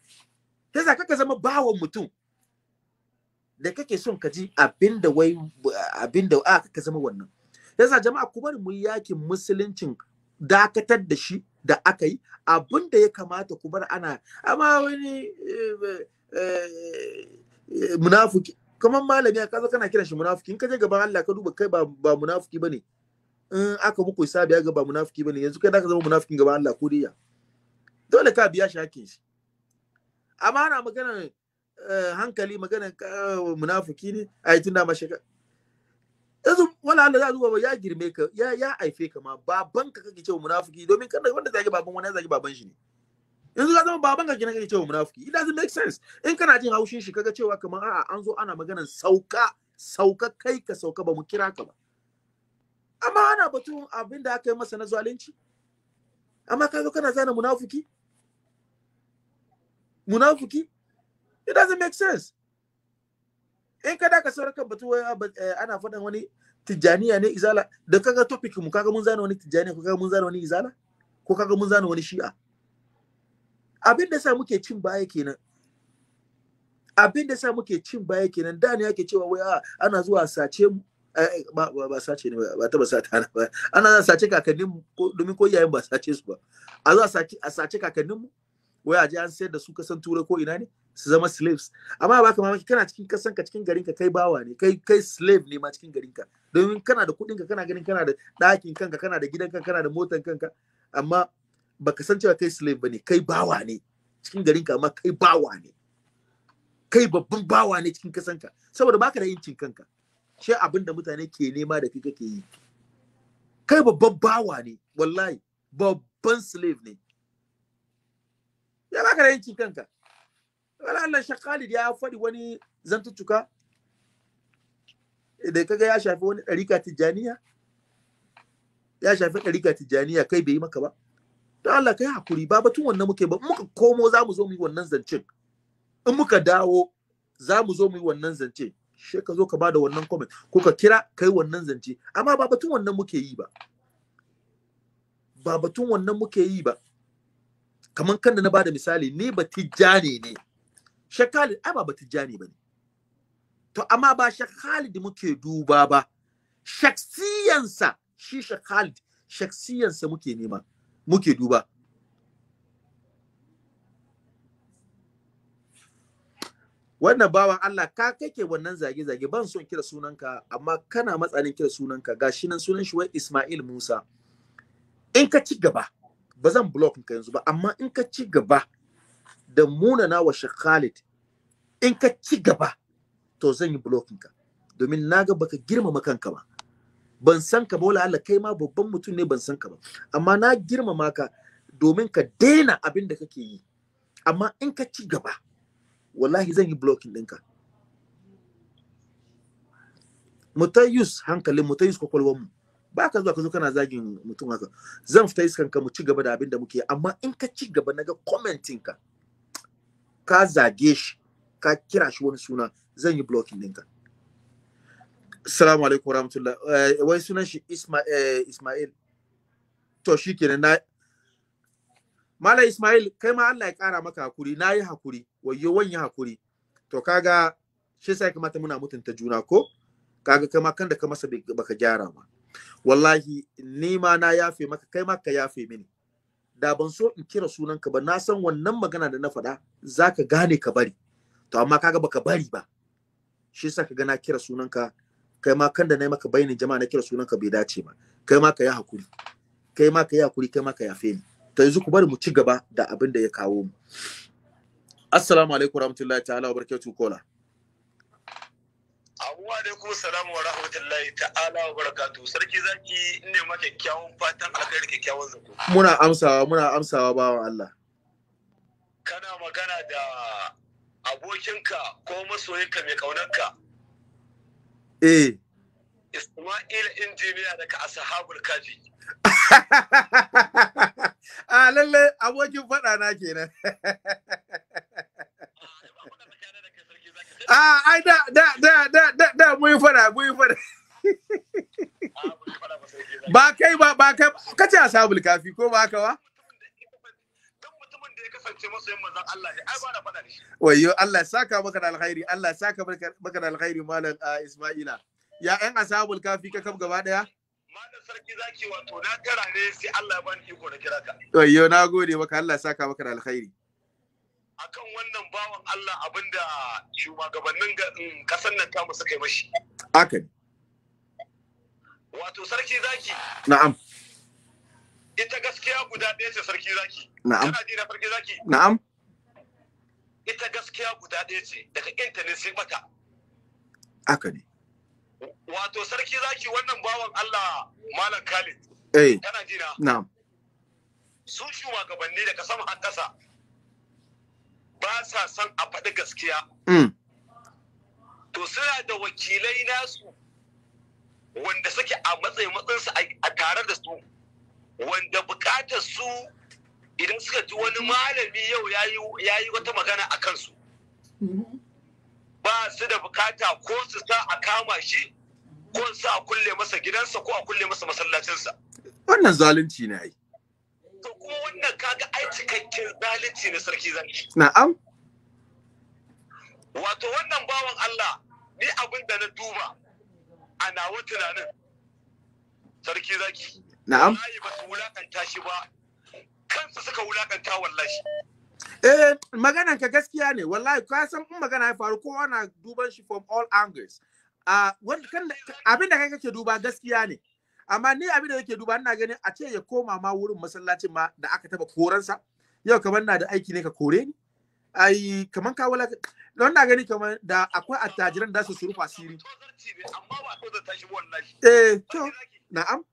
yasa kaka zama bawan mutum da kake son ka ji abinda wai abinda a kaka zama wannan yasa jama'a ku bari mu yakin musuluncin dakatar da shi da aka yi abin da ya kamata ku bar ana amma wani eh, eh, eh, munafuki kamar malami ka kaza kana kiran shi munafiki in ka je gaban Allah ka duba kai ba ba munafiki bane in aka muku hisabi ya ga ba munafiki bane yanzu kai ka zama munafikin gaban Allah ko dai ya dole ka biya shi hakkin shi amma ana magana eh, hankali magana eh, munafiki ne a yi tunda mashi yanzu wala Allah za zuwa ya girme ka ya ya aife ka ma baban ka kake cewa munafiki domin kan wanda zagi baban wani ya zagi baban shi ne yanzu ka zama baban ka gina kake cewa munafiki it doesn't make sense in kana jin haushin shi kaga cewa kamar a'a an zo ana maganar sauka sauka kai ka sauka ba mu kira ka ba amma ana batun abin da aka yi masa na zalunci amma ka zo kana zana munafiki munafiki it doesn't make sense in ka daka sauran kan batu eh, ana faɗan wani tijjaniya ne izala da kaga topic mu kaga mun zana wani tijjaniya ko kaga mun zana wani izala ko kaga mun zana wani shi'a abin da sa muke cin baya kenan abin da sa muke cin baya kenan da ne ake cewa wai ah, ana zuwa sace mu eh, eh, ba sace ne ba ta ba sata na ba ana zuwa sace kakannin mu domin ko iyayen ba sace su ba a zuwa sace a sace kakannin mu wai a je an sayar da su kasan turai ko ina ne su zama slaves amma ba ka mamaki kana cikin kasan ka cikin garin ka kai bawa ne kai kai slave ne ma cikin garin ka domin kana da kudin ka kana ganin kana da ɗakin kanka kana da gidan kanka kana da motan kanka amma baka san cewa kai slave bane kai bawa ne cikin garin ka amma kai bawa ne kai babban bawa ne cikin kasan ka saboda baka da yincin kanka shi abin da mutane ke nema da kai kake yi kai babban bawa ne wallahi babban slave ne ya baka da yincin kanka wala Allah Khalid ya faɗi wani zantuttuka da kaga ya shafi wani ɗarika tijjaniya ya shafi ɗarika tijjaniya kai bai yi maka ba da Allah kai hakuri ba batun wannan muke ba muka komo za mu zo mu yi wannan zancen in muka dawo za mu zo mu yi wannan zance she ka zo ka bada wannan comment ko ka kira kai wannan zance amma ba batun wannan muke yi ba ba batun wannan muke yi ba kamar kan da na bada misali ni ba tijjani ne shakali ai ba tijjani ba ne to amma ba shakali da muke duba ba shaksiyansa shi shakali shaksiyansa muke nema muke duba wannan bawan Allah ka kake wannan zage-zage ban son kira sunanka amma kana matsanin kira sunanka gashi nan sunan shi wai Ismail Musa in ka ci gaba ba zan block ka yanzu ba amma in ka ci gaba da munana wa Sheikh Khalid in ka ci gaba to zan yi blocking ka domin naga baka girmama kanka ba ban san ka ba wala Allah kai ma babban mutum ne ban san ka ba amma na girmama ka domin ka daina abin da kake yi amma in ka ci gaba wallahi zan yi blocking ɗinka mutayus hankalin mutayus kwakwalwar mu ba ka zuwa ka zo kana zagin mutum haka zan fita iskan ka mu ci gaba da abin da muke amma in ka ci gaba naga ga commenting ka ka zage shi ka kira shi wani suna zan yi blocking ɗinka Salamu alaikum warahmatullahi. Eh, wai sunan shi eh, Ismail. To shi ke na Mala Ismail kai ma Allah ya kara maka hakuri na yi hakuri wayo wani hakuri to kaga shi sai kamata muna mutunta juna ko kaga kai ma kan ka masa baka gyara ma wallahi ni ma na yafe maka kai ma ka yafe mini da ban so in kira sunanka ba na san wannan magana da na faɗa Za zaka gane ka bari to amma kaga baka bari ba shi sa ka ga na kira sunanka kai ma kan da na maka bayanin jama'a na kira sunanka bai dace ba kai ma ka yi hakuri kai ma ka yi hakuri kai ma ka yafe ni to yanzu ku bari mu ci gaba da abin da ya kawo mu assalamu alaikum warahmatullahi ta'ala wa barakatuhu kola abuwa dai ku salamu wa rahmatullahi ta'ala wa barakatuhu sarki zaki ne ma kyakkyawan fatan alkhairi kyakkyawan zato muna amsawa muna amsawa bawan Allah kana magana da abokinka ko masoyinka mai kaunarka eh Isma'il injiniya daga ashabul kafi a [LAUGHS] ah, lalle abokin faɗa na kenan a ah, ai da da da da da da mun fara mun fara ah, ba kai ba ba kai kace ashabul kafi ko ba haka ba masoyin manzon Allah ne ai ba na faɗa da shi wayyo Allah saka maka da alkhairi Allah saka maka da alkhairi malam ah, Isma'ila ya ƴan ashabul kafi ka kam gaba ɗaya? malam sarki zaki wato na kira ne sai Allah ya bani iko na kira ka wayyo na gode maka Allah saka maka da alkhairi akan wannan bawan Allah abinda shugabannin kasan mm, nan ta musu kai mashi haka wato sarki zaki na'am ita gaskiya guda ɗaya ce sarki zaki na'am kana ji na sarki zaki na'am ita gaskiya guda ɗaya ce daga intanet sai mata haka ne wato sarki zaki wannan bawan Allah malam Khalid eh kana jira. na na'am su shugabanni daga sama har ƙasa ba sa son a faɗi gaskiya mm. to suna da wakilai nasu wanda suke a matsayin matsayinsu a tare da su wanda bukatar su idan suka ji wani malami yau ya yi wata magana a kansu ba su da bukata ko su sa a kama shi ko su a kulle masa gidansa ko a kulle masa masallacinsa wannan zalunci ne ai to kuma wannan kaga ai cikakken zalunci ne sarki zalunci na'am wato wannan bawan Allah ni abin da na duba a wata tunanin sarki zaki na'am eh magana ka gaskiya ne wallahi ka san in magana ya faru kowa na duban shi from all angles ah, a abin da kai kake duba gaskiya ne amma ni abin da kake duba ina ganin a ce ya koma ma wurin masallacin ma da aka taba koransa yau kamar na da aiki ne ka kore ni ai kamar ka wala da na gani kamar da akwai attajiran da su surufa siri. eh to na'am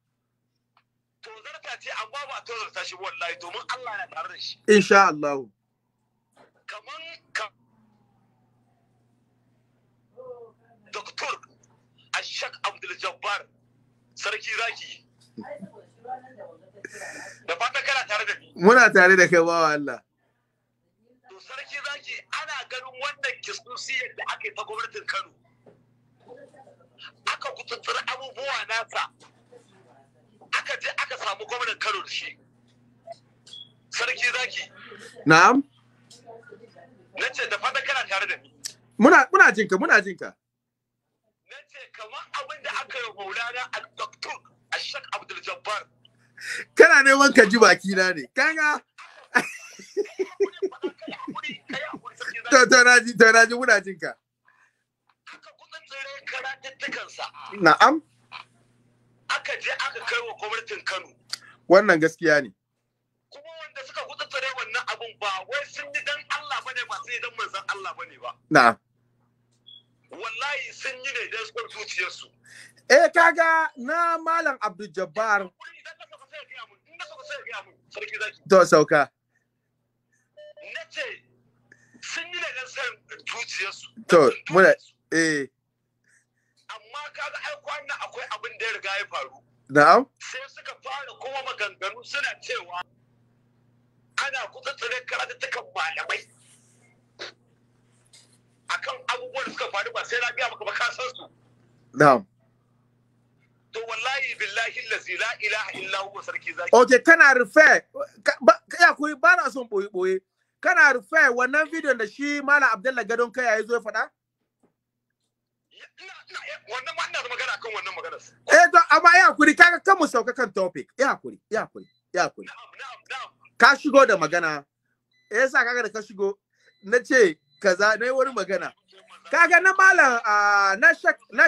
tozarta ce amma ba tozarta shi wallahi domin Allah tare da shi insha Allah kaman ka doktor Ashak Abdul Jabbar sarki zaki da fatan kana tare da ni muna tare da kai bawa Allah to sarki zaki ana ganin wannan kiskusiyar da aka yi ta gwamnatin Kano aka kutuntura abubuwa nasa aka je aka samu gwamnan Kano da shi sarki zaki na'am nace da fata kana tare da ni muna muna jin ka muna jin ka nace kamar abin da aka yi Maulana a doktor Ashak Abdul Jabbar kana neman ka ji baki na ne kaga to to raji to raji muna jin ka na'am aka je aka kai wa gwamnatin Kano. Wannan gaskiya ne. Kuma wanda suka kutsutsure wannan abun ba wai sun yi dan Allah bane ba sun yi dan manzon Allah bane ba. Na'am. Wallahi sun yi ne dan son zuciyarsu. Eh kaga na Malam Abdul Jabbar. To sauka. Na ce sun yi ne dan son zuciyarsu. To muna eh kaga ai kwana akwai abin da ya riga ya faru na'am sai suka fara kuma maganganu suna cewa ana kutsutsure karatuttukan malamai akan abubuwan da suka faru ba sai na biya maka ba ka san su na'am to wallahi billahi lazi la ilaha illa huwa sarki zaki okay kana rufe ya koyi ba na son boye boye kana rufe wannan bidiyon da shi malam abdullahi gadon kai ya zo ya faɗa Eh, wannan eh to amma ya kuri kaga kan mu sauka kan topic ya kuri, ya kuri, ya kuri. ka shigo da magana eh sa kaga da ka shigo na ce kaza na yi wani magana kaga na malam ah, na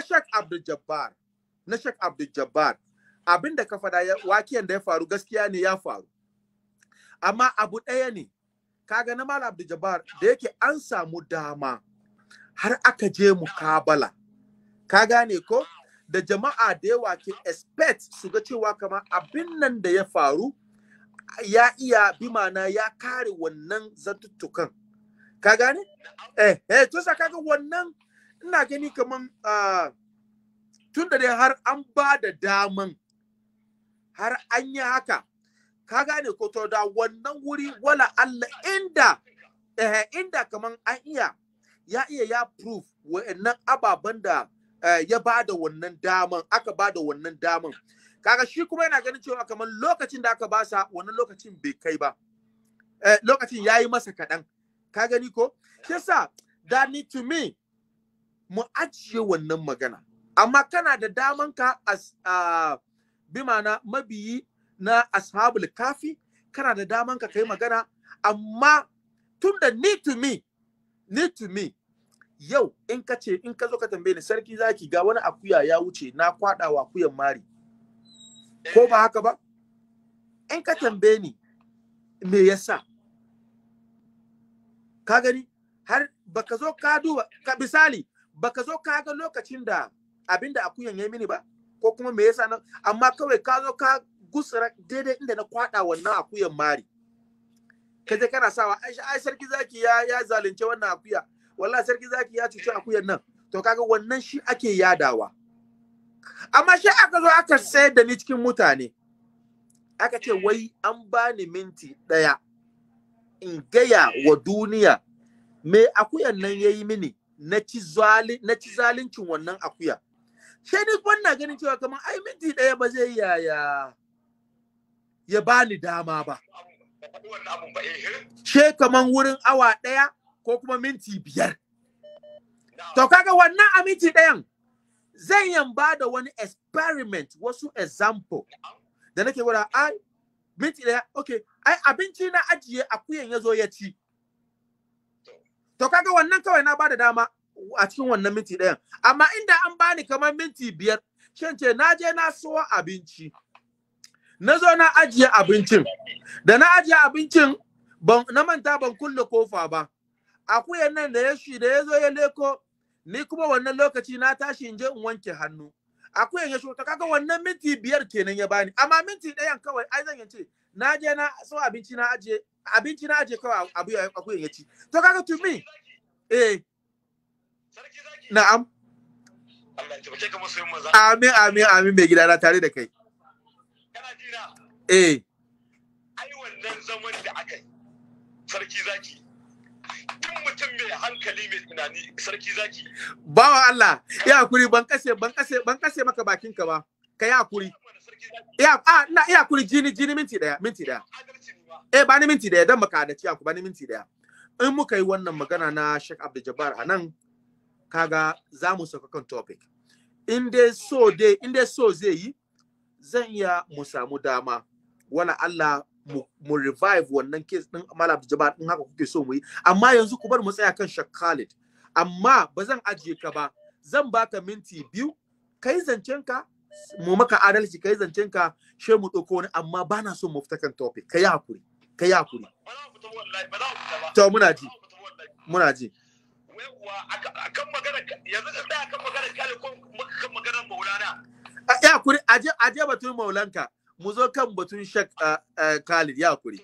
shak na abdul jabbar na shak abdul jabbar abinda ka fada wakiyan da ya faru gaskiya ne ya faru amma abu ɗaya ne kaga na malam abdul jabbar da yake an samu dama har aka je mu kabala. ka gane ko da jama'a da yawa ke expect su ga cewa kama abin nan da ya faru ya iya bi mana ya kare wannan zantuttukan ka gane eh eh to sa kaga wannan ina gani kaman ah, tunda dai har an ba da daman har an yi haka ka gane ko to da wannan wuri wala Allah inda eh inda kaman an iya ya iya ya prove wa'annan ababen da Eh, ya ba da wannan daman aka ba da wannan daman kaga shi kuma yana ganin cewa kamar lokacin da aka basa wannan lokacin bai kai ba eh, lokacin ya yi masa kaɗan ka gani ko shi yasa da ni to me mu ajiye wannan magana amma kana da daman ka as bi mana mabiyi na ashabul kafi kana da daman ka kai magana amma tun da ni to me ni to me yau in ka ce in ka zo ka tambaye ni sarki zaki ga wani akuya ya wuce na kwada wa akuyan mari ko ba haka ba in ka tambaye ni me yasa ka gani har baka zo ka duba ka misali baka zo ka ga lokacin da abinda akuyan yayi mini ba ko kuma me yasa nan amma kawai ka zo ka gusura daidai inda na kwada wannan akuyan mari kaje kana sawa ai sarki zaki ya ya zalunce wannan akuya wallahi sarki zaki ya cuci akuyan nan to kaga wannan shi ake yadawa amma shi aka zo aka sayar da ni cikin mutane aka ce wai an bani minti ɗaya in gaya wa duniya me akuyan nan ya yi mini na ci zalincin wannan akuya sai ni wannan ganin cewa kamar ai minti ɗaya ba zai yaya ya bani dama ba she kaman wurin awa ɗaya ko kuma minti biyar to kaga wannan a minti ɗayan zan yan ba da wani experiment wasu example da nake gwada ai minti ɗaya ok ai abinci na ajiye akuyan ya zo ya ci to kaga wannan kawai na ba da dama a cikin wannan minti ɗayan amma inda an bani kamar minti biyar shan ce na je na suwa abinci na zo na ajiye abincin da na ajiye abincin na manta ban kulle kofa ba akwai nan da ya shi da ya zo ya leko ni kuma wannan lokaci na tashi in je in wanke hannu akwai ya shota kaga wannan minti biyar kenan ya bani amma minti ɗayan kawai ai zan yace na je na so abinci na aje abinci na aje kawai abu akwai ya ci to kaga to me eh na'am Amin, amin, amin mai gidana tare da kai. Eh. Ai wannan zaman da aka yi, sarki zaki, duk mutum mai hankali mai tunani sarki zaki bawa Allah ya hakuri ban kase ban kase ban kase maka bakin ka ba ka ya hakuri ya a na ya hakuri jini jini minti daya minti daya eh ba ni minti daya dan maka da ciya ba ni minti daya in muka yi wannan magana na Sheikh Abdul Jabbar anan kaga za mu sauka kan topic in dai so dai in dai so zai yi zan iya mu samu dama wala Allah mu revive wannan case din Malam Abdul din haka kuke so mu yi amma yanzu ku bar mu tsaya kan Sheikh Khalid amma ba zan ajiye ka ba zan baka minti biyu kai zancen ka mu maka adalci kai zancen ka she mu dauko wani amma ba na so mu fita kan topic kai hakuri kai hakuri to muna ji muna ji akan magana yanzu da akan magana kale ko kan magana maulana ya hakuri aje aje batun maulanka mu zo kan batun shak uh, uh, Khalid ya kuri.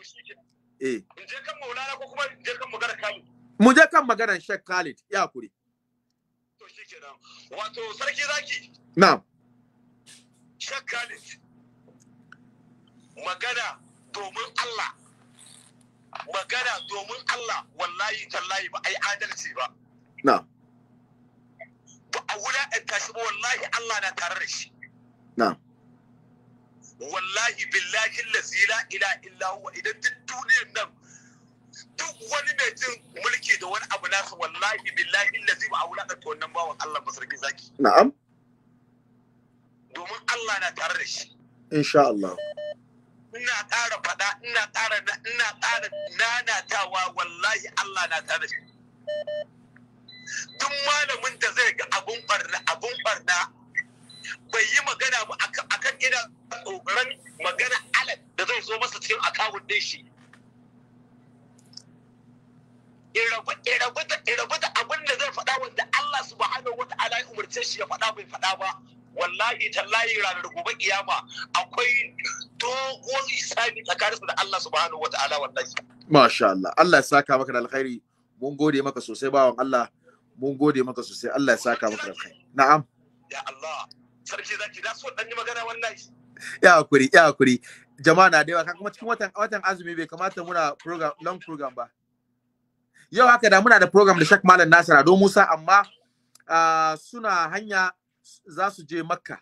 Eh. Je kan Maulana ko kuma je kan magana Khalid. Mu je kan magana shak Khalid ya kuri. To shikenan. Wato sarki zaki. Na'am. Shak Khalid. Magana domin Allah. Magana domin Allah wallahi tallahi ba ai adalci ba. Na'am. Ba a wulaƙanta shi ba wallahi Allah na tare da shi. Na'am. wallahi billahi la ila illa huwa idan duk duniyar nan duk wani mai jin mulki da wani abu nasa wallahi billahi lazi ba a ta wannan bawan Allah ba sarki zaki na'am domin Allah na tare da shi insha Allah ina ƙara faɗa ina ƙara ina ƙara nanatawa wallahi Allah na tare da shi duk malamin da zai ga abun barna abun barna bai yi magana ba akan idan tsoron magana alal da zai zo masa cikin akawun din shi irabu da abin da zai faɗa wanda Allah subhanahu wa ta'ala ya umarce shi ya faɗa bai faɗa ba wallahi tallahi ranar gobe kiyama akwai dogon isani tsakanin su da Allah subhanahu wa ta'ala wallahi masha Allah Allah ya saka maka da alkhairi mun gode maka sosai bawan Allah mun gode maka sosai Allah ya saka maka da alkhairi na'am ya Allah sarki zaki da so dan yi magana wannan. ya hakuri ya hakuri jama'a na da yawa kuma cikin watan watan azumi bai kamata muna program long program ba yau haka da muna da program da Sheikh Malam Nasir Ado Musa amma suna hanya za su je Makka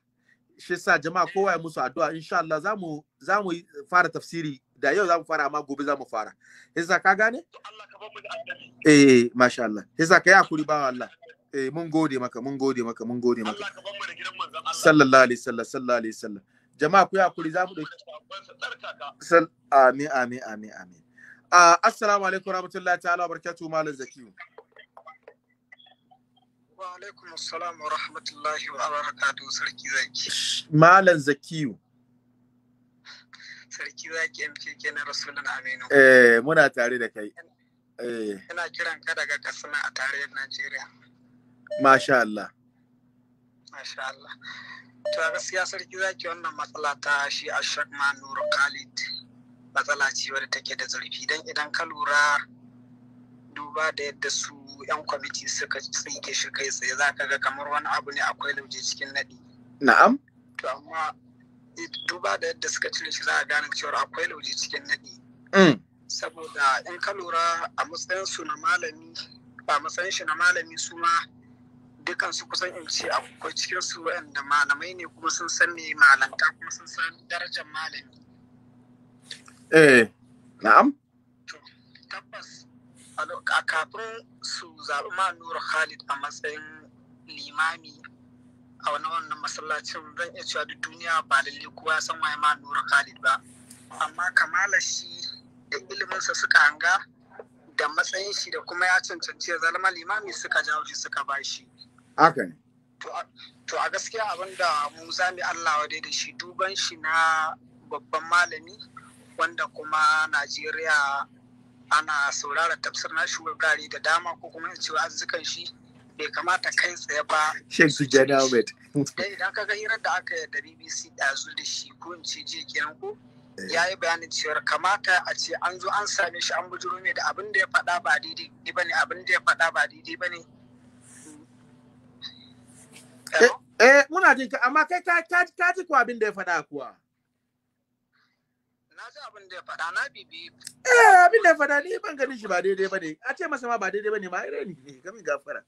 shi yasa jama'a kowa ya musu addu'a insha Allah za mu za mu fara tafsiri da yau za mu fara amma gobe za mu fara yasa ka gane eh masha Allah yasa kai hakuri ba Allah eh mun gode maka mun gode maka mun gode maka sallallahu alaihi wasallam sallallahu alaihi wasallam jama'a ku hakuri za mu ɗauki amin amin amin amin ah, assalamu alaikum rahmatullahi ta'ala barkatu malam zakiyu wa alaikum assalam wa rahmatullahi wa barakatuhu sarki zaki malam zakiyu sarki zaki mkk na rasulun aminu eh muna tare da kai eh ina kiran ka daga kasana a tarayyar najeriya masha Allah masha Allah To a gaskiya sarki zaki wannan matsala ta shi Ashok Manur Khalid matsala ce wadda take da zurfi don idan ka lura duba da yadda su 'yan kwamiti suka tsike shi kai tsaye za ka ga kamar wani abu ne akwai lauje cikin nadi? Na'am. To amma duba da yadda suka cire shi za a gane cewa akwai lauje cikin nadi. Mm. Saboda in ka lura a matsayin su na malami ba matsayin shi na malami su ma dukansu kusan in ce akwai cikin su wanda malamai ne kuma sun san me malanta kuma sun san darajar malami eh na'am tabbas a kafin su zaɓi ma Nura Khalid a matsayin limami a wani wannan masallacin zan iya cewa da duniya ba lalle kowa san waye ma Nura Khalid ba amma kamala shi da iliminsa suka hanga da matsayin shi da kuma ya cancanci ya zama limami suka jawo shi suka ba shi haka to a gaskiya abin da mu zami Allah wa da shi duban shi na babban malami wanda kuma Najeriya ana saurara tafsir na wurare da dama ko kuma in cewa azzukan shi bai kamata kai tsaye ba. Sheikh Sujjan Ahmed. Dai eh, idan ka ga hirar da aka yi da BBC dazu da shi ko in ce je kenan ko eh. ya yi bayanin cewar kamata a ce an zo an same shi an bujuro ne da abin da ya faɗa ba daidai ba ne abin da ya faɗa ba daidai ba ne. Eh, eh, muna jin ka, amma kai ka ji ko abin da ya faɗa kuwa. Na ji abin da ya faɗa, na bibi. Eh, abin da ya faɗa ni ban ganin shi ba daidai ba ne. A ce masa ma ba daidai ba ne, ma ire ni ne, gamin gafara.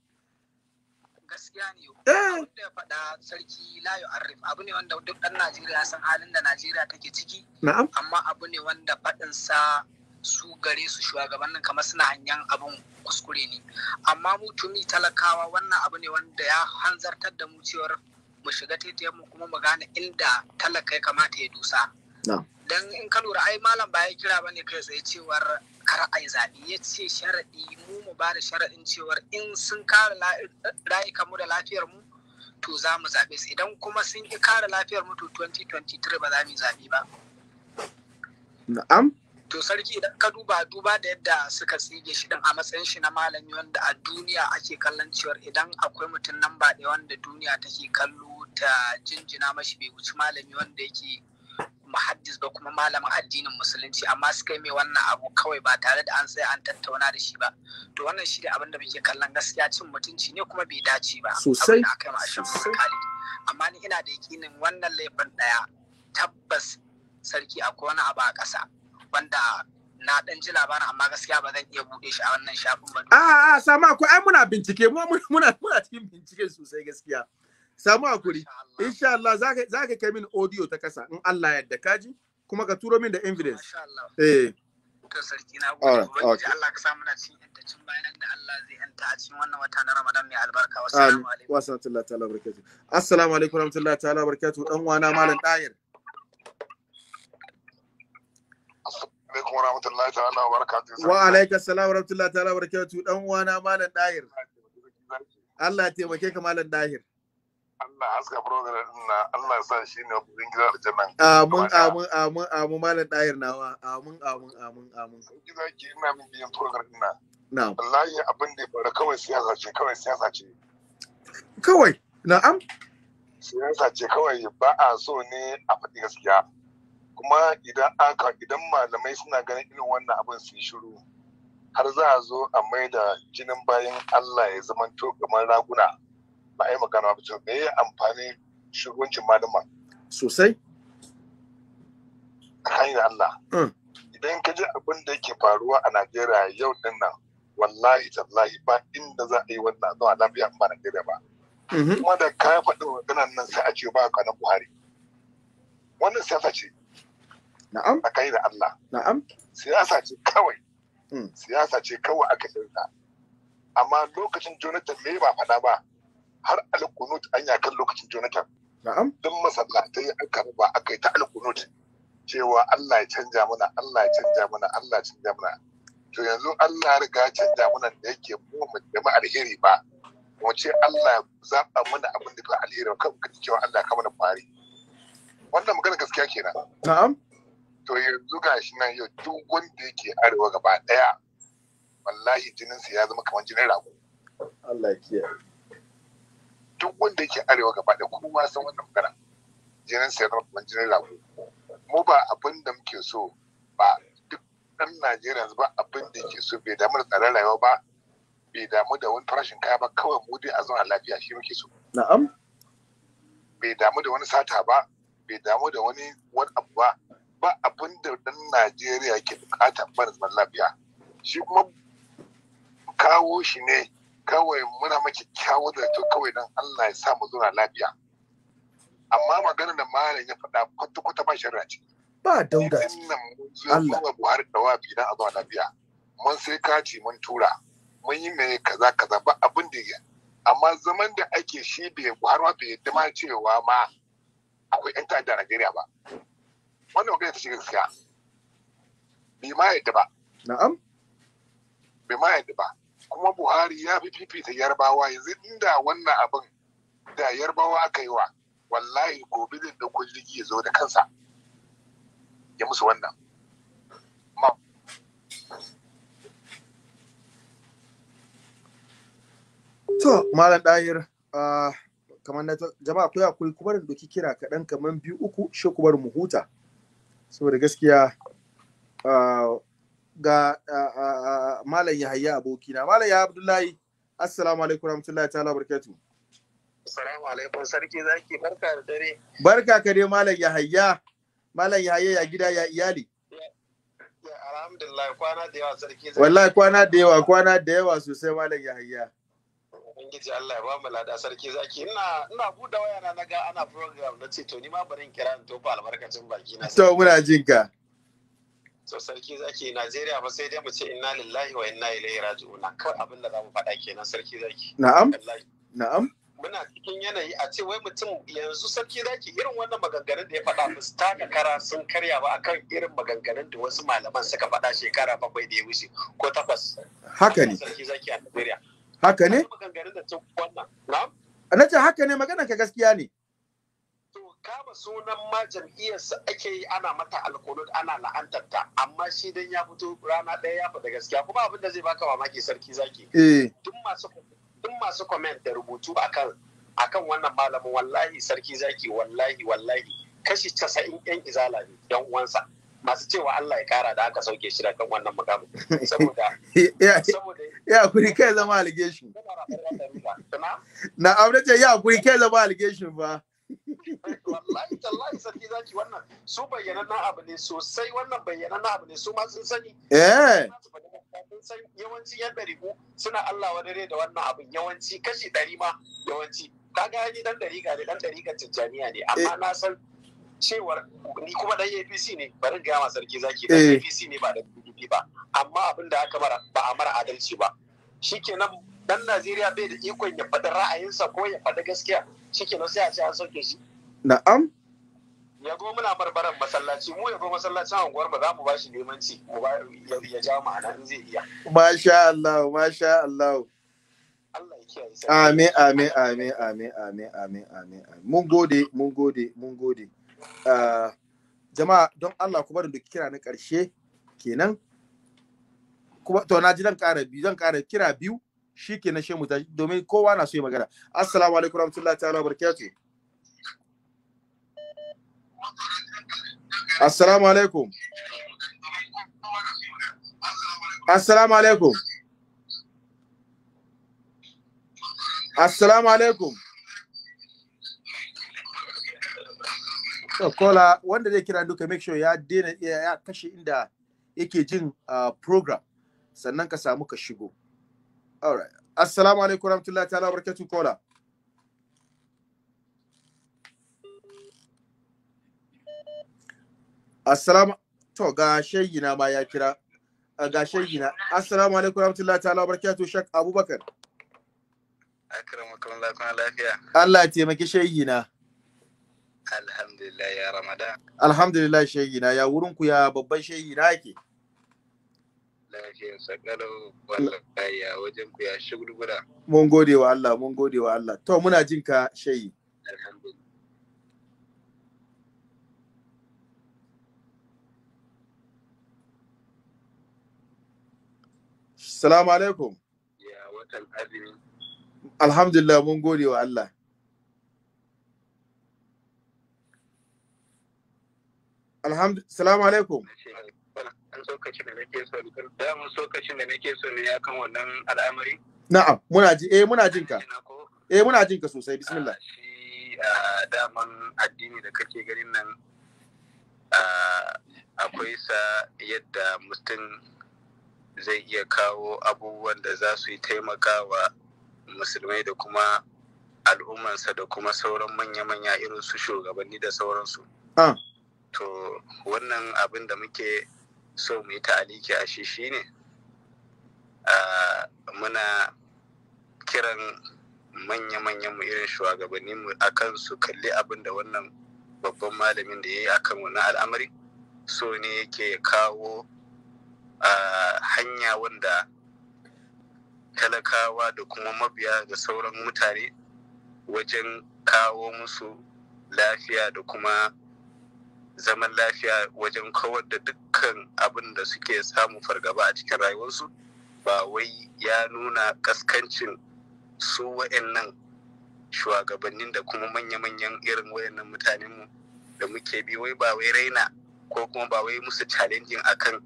Gaskiya ne. Eh. Abin da ya faɗa sarki layo arif abu ne wanda duk ɗan Najeriya san halin da Najeriya take ciki. Na'am. Amma abu ne wanda faɗinsa su gare su shugabannin kamar suna hanyar abin kuskure ne amma mutumi talakawa wannan abu ne wanda ya hanzartar da mu cewar mu shiga mu kuma mu gane inda talaka ya kamata ya dusa don in ka lura ai malam ba ya kira ne kai tsaye cewar kar ai zaɓe ya ce sharaɗi mu mu ba da sharaɗin cewar in sun kare rayukan mu da lafiyar mu to za mu zaɓe su idan kuma sun ki kare lafiyar mu to 2023 ba za mu zaɓe ba to sarki idan ka duba duba da yadda suka tsige shi din a matsayin shi na malami wanda a duniya ake kallon cewar idan akwai mutum nan ba da wanda duniya take kallo ta jinjina mashi bai wuce malami wanda yake muhaddis ba kuma malamin addinin musulunci amma suka yi mai wannan abu kawai ba tare da an tsaya an tattauna da shi ba to wannan shi da abin da muke kallon gaskiya cin mutunci ne kuma bai dace ba sosai amma ni ina da yakinin wannan laifin daya tabbas sarki akwai wani abu a ƙasa wanda na dan ji labarin amma gaskiya ba zan iya bude shi a wannan shafin ba. A a samu akwai ai muna bincike mu muna muna muna cikin bincike sosai gaskiya. Samu hakuri. Insha Allah zaka zaka kai min audio ta kasa in Allah ya yarda kaji kuma ka turo min da evidence. Insha Allah. Eh. To sarki na gode. Wanda Allah ka samu na cikin yaddacin bayanan da Allah zai yanta a cikin wannan wata na Ramadan mai albarka. Wassalamu alaikum. Wassalamu alaikum. Assalamu alaikum warahmatullahi ta'ala barakatuh. Dan wana malam Dayir. alaikum warahmatullahi ta'ala wa barakatuhu wa alaikum assalam warahmatullahi ta'ala wa barakatuhu dan uwana malam dahir Allah taimake ka malam dahir Allah haska brother na Allah sa shi ne amin amin amin amin malam dahir nawa amin amin amin amin ki ina min biyan program ina na wallahi abin da bara kawai siyasa ce kawai siyasa ce kawai na'am siyasa ce kawai ba a so ne a faɗi gaskiya kuma idan aka idan malamai suna ganin irin wannan abin sun shiru har za a zo a mai da jinin bayan Allah ya zama to kamar raguna ba a yi magana ba to me ya amfani shugabancin malama sosai hanyar Allah mm. idan ka ji abin da yake faruwa a Najeriya yau din nan wallahi tallahi ba inda za a yi wannan zuwa lafiya ba Najeriya ba mm-hmm. kuma da ka faɗi maganar nan sai a ce ba ka na Buhari wannan siyasa ce na'am A kai da Allah na'am siyasa ce kawai hmm. siyasa ce kawai aka ɗauka amma lokacin Jonathan me ba faɗa ba har alkunut an ya kan lokacin Jonathan na'am duk masallatai aka ba aka yi ta alkunut cewa Allah ya canja mana Allah ya canja mana Allah ya canja mana to yanzu Allah ya riga canja mana da yake mu mu da alheri ba mu ce Allah zaɓa mana abin da ka alheri kan cewa Allah ya kama da fari wannan magana gaskiya kenan na'am to yanzu shi nan yau duk wanda yake arewa gaba daya wallahi jininsa ya zama kamar jinin rago Allah ya kiyaye duk wanda yake arewa gaba daya kuma san wannan magana jininsa ya zama kamar jinin rago mu ba abin da muke so ba duk ɗan Najeriya ba abin da yake so bai damu da tsaron rayuwa ba bai damu da wani farashin kaya ba kawai mu dai a zauna lafiya shi muke so. Na'am. Bai damu da wani sata ba, bai damu da wani wani abu ba, ba abin da ɗan Najeriya ke bukata ba zaman lafiya shi kuma kawo shi ne kawai muna maki kyawo da to kawai don Allah ya sa mu zauna lafiya amma magana da malam ya faɗa kwata-kwata ba shari'a ce ba dauda Allah ya Buhari da wafi dan a lafiya mun sai kati mun tura mun yi mai kaza kaza ba abin da ya amma zaman da ake shi bai Buhari ma bai dama cewa ma akwai 'yan ta'adda a Najeriya ba wannan magana ta shiga gaskiya bai ma yadda ba na'am bai ma yadda ba kuma buhari ya fi fifita yarbawa yanzu inda wannan abin da yarbawa aka yi wa wallahi gobe zai da kulligi ya zo da kansa ya musu wannan To, Malam Ɗahir, kamar na jama'a kuya kuri kuma da doki kira kaɗan kamar biyu uku shi kubar mu huta. saboda gaskiya ah, ga ah, ah, malam yahaya abokina malam ya abdullahi assalamu alaikum rahmatullahi ta'ala barkatu assalamu alaikum sarki zaki barka da dare barka ka dai malam yahaya malam yahaya ya gida ya iyali alhamdulillah kwana da yawa sarki wallahi kwana da yawa kwana da yawa sosai malam yahaya ubangiji Allah ya ba mu lada sarki zaki ina ina buɗe waya na naga ana program na ce to ni ma barin kira in tofa albarkacin baki na to muna jin ka to sarki zaki Najeriya ba sai dai mu ce inna lillahi wa inna ilaihi raji'un kawai abin da za mu faɗa kenan sarki zaki na'am na'am muna cikin yanayi a ce wai mutum yanzu sarki zaki irin wannan maganganun da ya faɗa mu su taka kara sun karya ba akan irin maganganun da wasu malaman suka faɗa shekara bakwai da ya wuce ko takwas. Haka ne. Sarki zaki a Najeriya. haka ne na ce haka ne maganar ka gaskiya ne kama sunan ma jam'iyyarsa ake yi ana mata alkolod ana la'antarta amma shi dan ya fito rana ɗaya ya fada gaskiya kuma abin da zai baka mamaki sarki zaki eh. duk masu duk comment da rubutu akan akan wannan malamin wallahi sarki zaki wallahi wallahi kashi casa'in yan izala ne dan uwansa masu cewa Allah ya kara da aka sauke shi kan wannan mukamin [LAUGHS] saboda ya kuri kai zama allegation na aure ce ya kuri kai zama allegation ba wallahi tallahi sarki zaki wannan su bayyanannen abu ne sosai wannan bayyanannen abu ne su ma sun sani eh san yawanci yan ɗari suna Allah wadare da wannan abin yawanci kashi ɗari ma yawanci kaga ni dan ɗari ga ne dan ɗari ga tijjaniya ne amma eh. na san cewar ni kuma dan APC ne bari ga ma sarki zaki dan eh. APC ne ba da PDP ba amma abin da aka mara ba a mara adalci ba shikenan dan Najeriya bai da ikon ya faɗi ra'ayinsa ko ya fada gaskiya shikenan sai a ce an sauke shi na'am ya zo muna barbaran masallaci mu ya zo masallacin anguwar ba za mu bashi neman ci mu ba ya ja mu nan zai iya masha Allah masha Allah Amin, amin, amin, amin, amin, amin, amin. Mun gode, mun gode, mun gode. Eh, jama'a don Allah ku bari da kira na ƙarshe kenan kuma to na ji zan ƙara biyu zan ƙara kira biyu shi kenan na shemu ta domin kowa na so yi magana assalamu alaikum warahmatullahi ta'ala barakatuh assalamu alaikum assalamu alaikum assalamu alaikum So, kola wanda zai kira duka make sure ya daina ya kashe inda yake jin uh, program sannan ka samu ka shigo. right Assalamu alaikum warahmatullahi ta'ala barakatuh kola. Assalamu to ga na ma ya kira uh, ga na Assalamu alaikum warahmatullahi ta'ala barakatuh Shak Abubakar. Akramakallahu lafiya. Allah ya taimaki na Alhamdulillah ya Ramadan. Alhamdulillah na ya wurin ku ya babban shehina ke. Lafiyar sakalau wallahi ya wajen ku ya shugurgura. Mun gode wa Allah, mun gode wa Allah. To muna jin ka shehi. Alhamdulillah. Salamu alaikum. Ya watan azumi. Alhamdulillah mun gode wa Allah. alhamdu salamu daman addini da kake ganin nan akwai sa yadda mutum zai iya kawo abubuwan da za su yi taimakawa musulmai da kuma al'ummansa da kuma sauran manya-manya irin su shugabanni da sauransu. Ah. to wannan abin da muke so mu yi ta'aliki a shi shine muna kiran manya-manyan mu irin shugabanni mu akan su kalli abin da wannan babban malamin da ya yi akan wannan al'amari so ne yake kawo hanya wanda talakawa da kuma mabiya da sauran mutane wajen kawo musu lafiya da kuma zaman lafiya wajen kawar da dukkan abin da suke samun fargaba a cikin rayuwarsu ba wai ya nuna kaskancin su wa'annan shugabannin da kuma manya-manyan irin wayannan mutanenmu da muke bi wai ba wai raina ko kuma ba wai musu challenging akan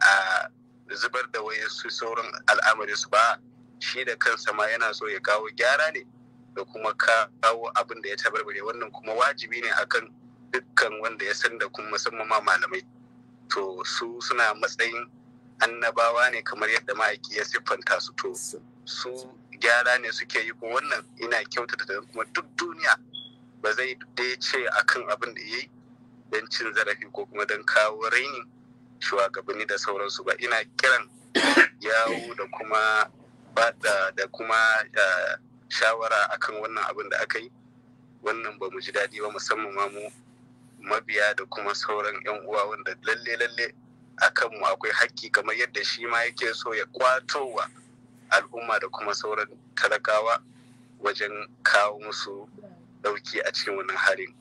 a zubar da wai su sauran al'amarinsu ba shi da kansa ma yana so ya kawo gyara ne da kuma kawo abin da ya tabarbare wannan kuma wajibi ne akan dukkan wanda ya san da kuma musamman ma malamai to su suna matsayin annabawa ne kamar yadda ma'aiki ya siffanta su to su gyara ne suke yi ko wannan ina kyautata da kuma duk duniya ba zai dai ce akan abin da ya yi don cin zarafi ko kuma don kawo raini shugabanni da sauransu ba ina kiran yawo da kuma da kuma eh, shawara akan wannan abin da aka yi wannan ba mu ji daɗi ba musamman ma mu mabiya da kuma sauran 'yan uwa wanda lalle lalle a kanmu akwai hakki kamar yadda shi ma yake so ya wa al'umma da kuma sauran talakawa wajen kawo musu ɗauki a cikin wannan harin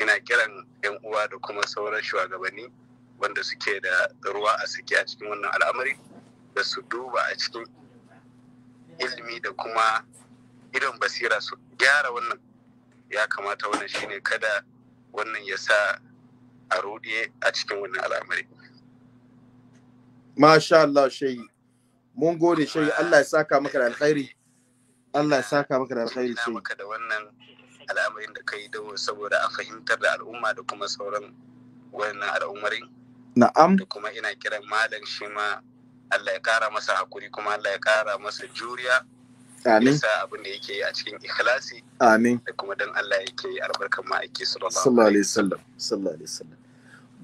ina kiran 'yan uwa da kuma sauran shugabanni wanda suke da ruwa a suke a cikin wannan al'amari da su duba a cikin ilimi da kuma idon basira su gyara wannan ya kamata wannan shine kada wannan ya sa a ruɗe a cikin wannan al'amari masha Allah shayi mun gode shayi Allah ya saka maka da alkhairi Allah ya saka maka da alkhairi shayi maka da wannan al'amarin da kai dawo saboda a fahimtar da al'umma da kuma sauran wannan al'umarin na'am da kuma ina kiran malam shi ma Allah ya kara masa hakuri kuma Allah ya kara masa juriya Amin. Yasa abin da yake a cikin ikhlasi. Amin. Da kuma dan Allah yake albarkan ma'aiki sallallahu alaihi wasallam. Sallallahu alaihi wasallam.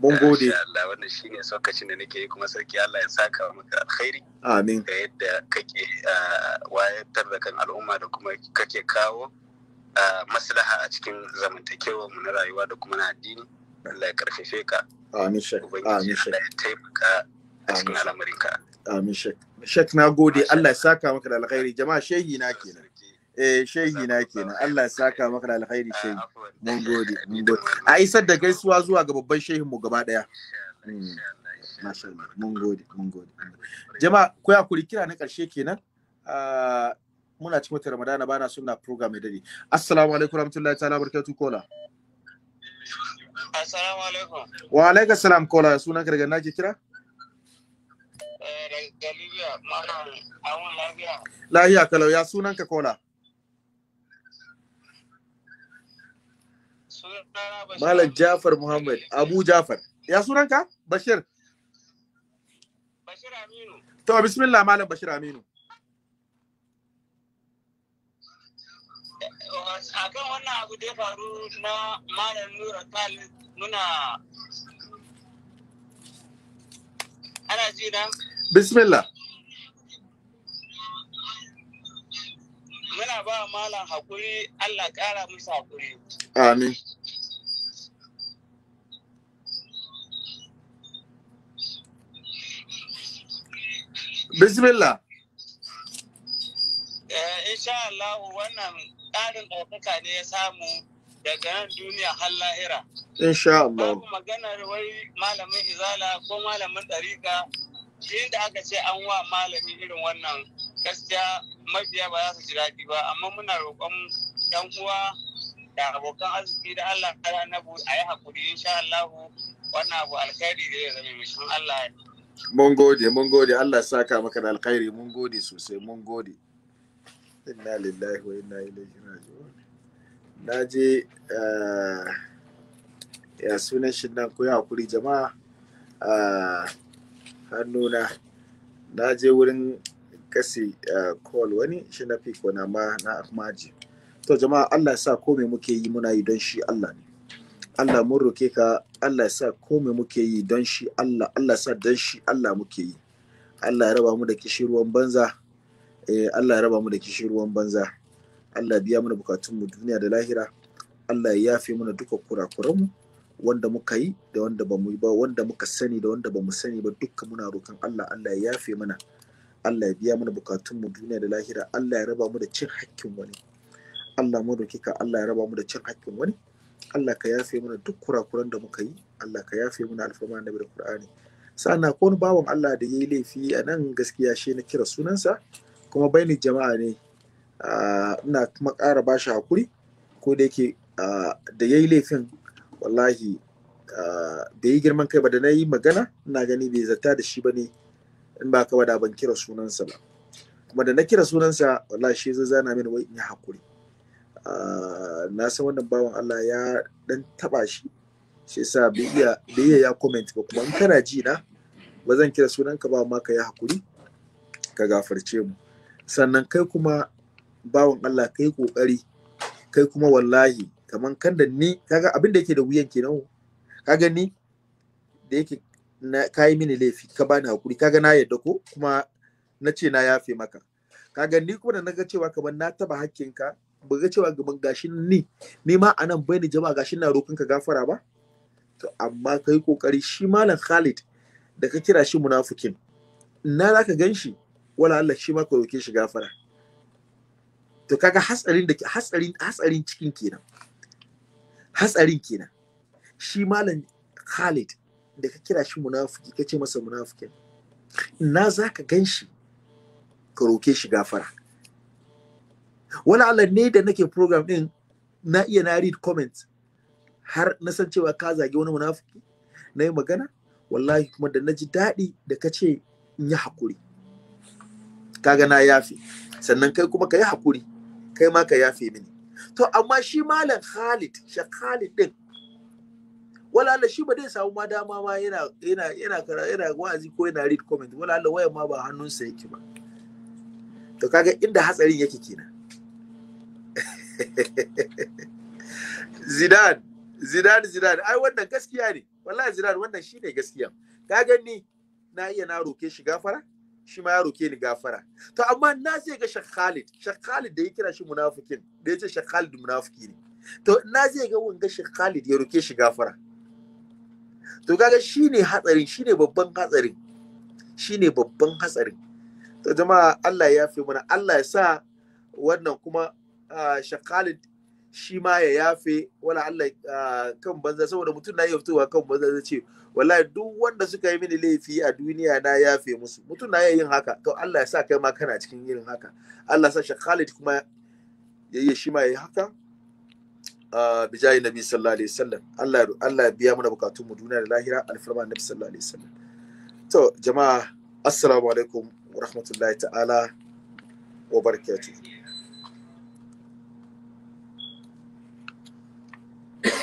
Mun gode. Insha Allah wannan shine sokacin da nake yi kuma sarki Allah ya saka maka alkhairi. Amin. Da yadda kake ah, wayar da kan al'umma da kuma kake kawo ah, maslaha a cikin zamantakewar mu na rayuwa da kuma na addini. Allah ya karfafe ka. Amin shek. Amin Allah ya taimaka a cikin al'amarin ka. amin shek shek na gode Allah ya saka maka da alkhairi jama'a shehi na kenan eh shehi na kenan Allah ya saka maka da alkhairi ah, shehi mun gode mun gode a isar da gaisuwa zuwa ga babban shehin mu gaba daya mm. mun gode mun gode jama'a ko ya kuri kira na karshe kenan ah, muna cikin wata ramadana bana suna program ya dare assalamu alaikum warahmatullahi ta'ala barakatuh kola assalamu alaikum wa alaikum assalam kola sunan ka daga nake kira lahiya kalau ya sunan ka kola Malam Jafar Muhammad Abu Jafar ya sunan ka Bashir Bashir Aminu to bismillah Malam Bashir Aminu Akan wannan abu da ya faru na malam nura talib muna ana ji na bismillah muna ba malam hakuri Allah ƙara musu hakuri amin bismillah eh, insha Allah wannan ƙarin ɗaukaka ne ya samu daga nan duniya har lahira. Insha Allah. Babu maganar wai malamin izala ko malamin ɗarika? jinin da aka ce an wa malami irin wannan gaskiya mafiya ba za su ji daɗi ba amma muna roƙon ɗan uwa da abokan arziki da Allah kare annabu a yi haƙuri insha Allah wannan abu alkhairi da ya zama shan Allah mun gode mun gode Allah saka maka da alkhairi mun gode sosai mun gode inna lillahi wa inna ilaihi raji'un naje eh, ya sunan shi nan ku hakuri jama'a ah, hannuna na je wurin kasi eh, call wani shi na fi kona ma na maji to jama'a Allah ya sa ko me muke yi muna yi don shi Allah ne Allah mun roke ka Allah ya sa ko me muke yi don shi Allah Allah sa don shi Allah muke yi Allah ya raba mu da kishiruwan banza eh Allah ya raba mu da kishiruwan banza Allah biya mana bukatun mu duniya da lahira Allah ya yafe mana duka kurakuranmu mu wanda muka yi da wanda ba mu yi ba wanda muka sani da wanda ba mu sani ba dukka muna roƙon Allah Allah ya yafe mana Allah ya biya mana bukatun mu duniya da lahira Allah ya raba mu da cin hakkin wani Allah mu roƙe ka Allah ya raba mu da cin hakkin wani Allah ka yafe mana duk kurakuran da muka yi Allah ka yafe mana alfarma annabi da Qur'ani sana ko wani bawan Allah da yayi laifi a nan gaskiya shi na kira sunansa kuma bai ni jama'a ne ah, ina kuma ƙara bashi hakuri ko da yake ah, da yayi laifin wallahi bai yi girman kai ba da na yi magana ina gani bai zata da shi ba ne in ba kawai da ban kira sunansa ba kuma da na kira sunansa wallahi shi zai zana mini wai in yi hakuri ah, na san wannan bawan Allah ya dan taba shi shi yasa bai iya ya comment ba kuma in kana ji na ba zan kira sunanka ba amma ka yi hakuri ka gafarce mu sannan kai kuma bawan Allah kai kokari kai kuma wallahi kaman kan da ni kaga abin da yake da wuyan kenan kaga ni da yake na yi mini laifi ka bani hakuri kaga na yadda ko kuma na ce na yafe maka kaga ni kuma da naga cewa kaman na taba hakkinka ba ga cewa gaban gashin ni ni ma anan bai ni jama'a gashin na rokin ka gafara ba to amma kai kokari shi malam Khalid da ka kira shi munafikin na zaka ka gan shi wala Allah shi ma ka roke shi gafara to kaga hatsarin da hatsarin hatsarin cikin kenan hatsarin kenan shi malam Khalid da ka kira shi munafiki ka ce masa munafikin na za ka gan shi ka roke shi gafara wani Allah ne da nake program din na iya na read comment har na san cewa ka zage wani munafiki na yi magana wallahi kuma da na ji daɗi da ka ce in yi haƙuri kaga na yafe sannan kai kuma ka yi haƙuri kai ma ka yafe mini to amma shi malam Khalid shi Khalid din wala Allah shi ba zai samu ma dama ma yana yana yana yana wa'azi ko yana read comment wala Allah waya ma ba hannunsa yake ba to kaga inda hatsarin yake kenan [LAUGHS] Zidane Zidane Zidane ai wannan gaskiya ne wallahi Zidane wannan shine gaskiya ka ganni na iya na roke shi gafara shi ma ya roke ni gafara to amma na je ga Sheikh Khalid Sheikh Khalid da ya kira shi munafikin da ya ce Sheikh Khalid munafiki ne to na je ga wanga Sheikh Khalid ya roke shi gafara to kaga shine hatsarin shine babban hatsarin shine babban hatsarin to jama'a Allah ya yafe mana Allah ya sa wannan kuma Sheikh Khalid shi ma ya yafe wala Allah kan banza saboda mutum na iya fitowa kan banza zai ce wallahi duk wanda suka yi mini laifi a duniya na yafe musu mutum na yin haka to Allah ya sa kai ma kana cikin yin haka Allah sa shi Khalid kuma ya yi shi ma ya yi haka ah, bijayi nabi sallallahu alaihi wasallam Allah Allah ya biya mana bukatun mu duniya da lahira alfarma nabi sallallahu alaihi wasallam to jama'a assalamu alaikum wa rahmatullahi ta'ala wa barakatuh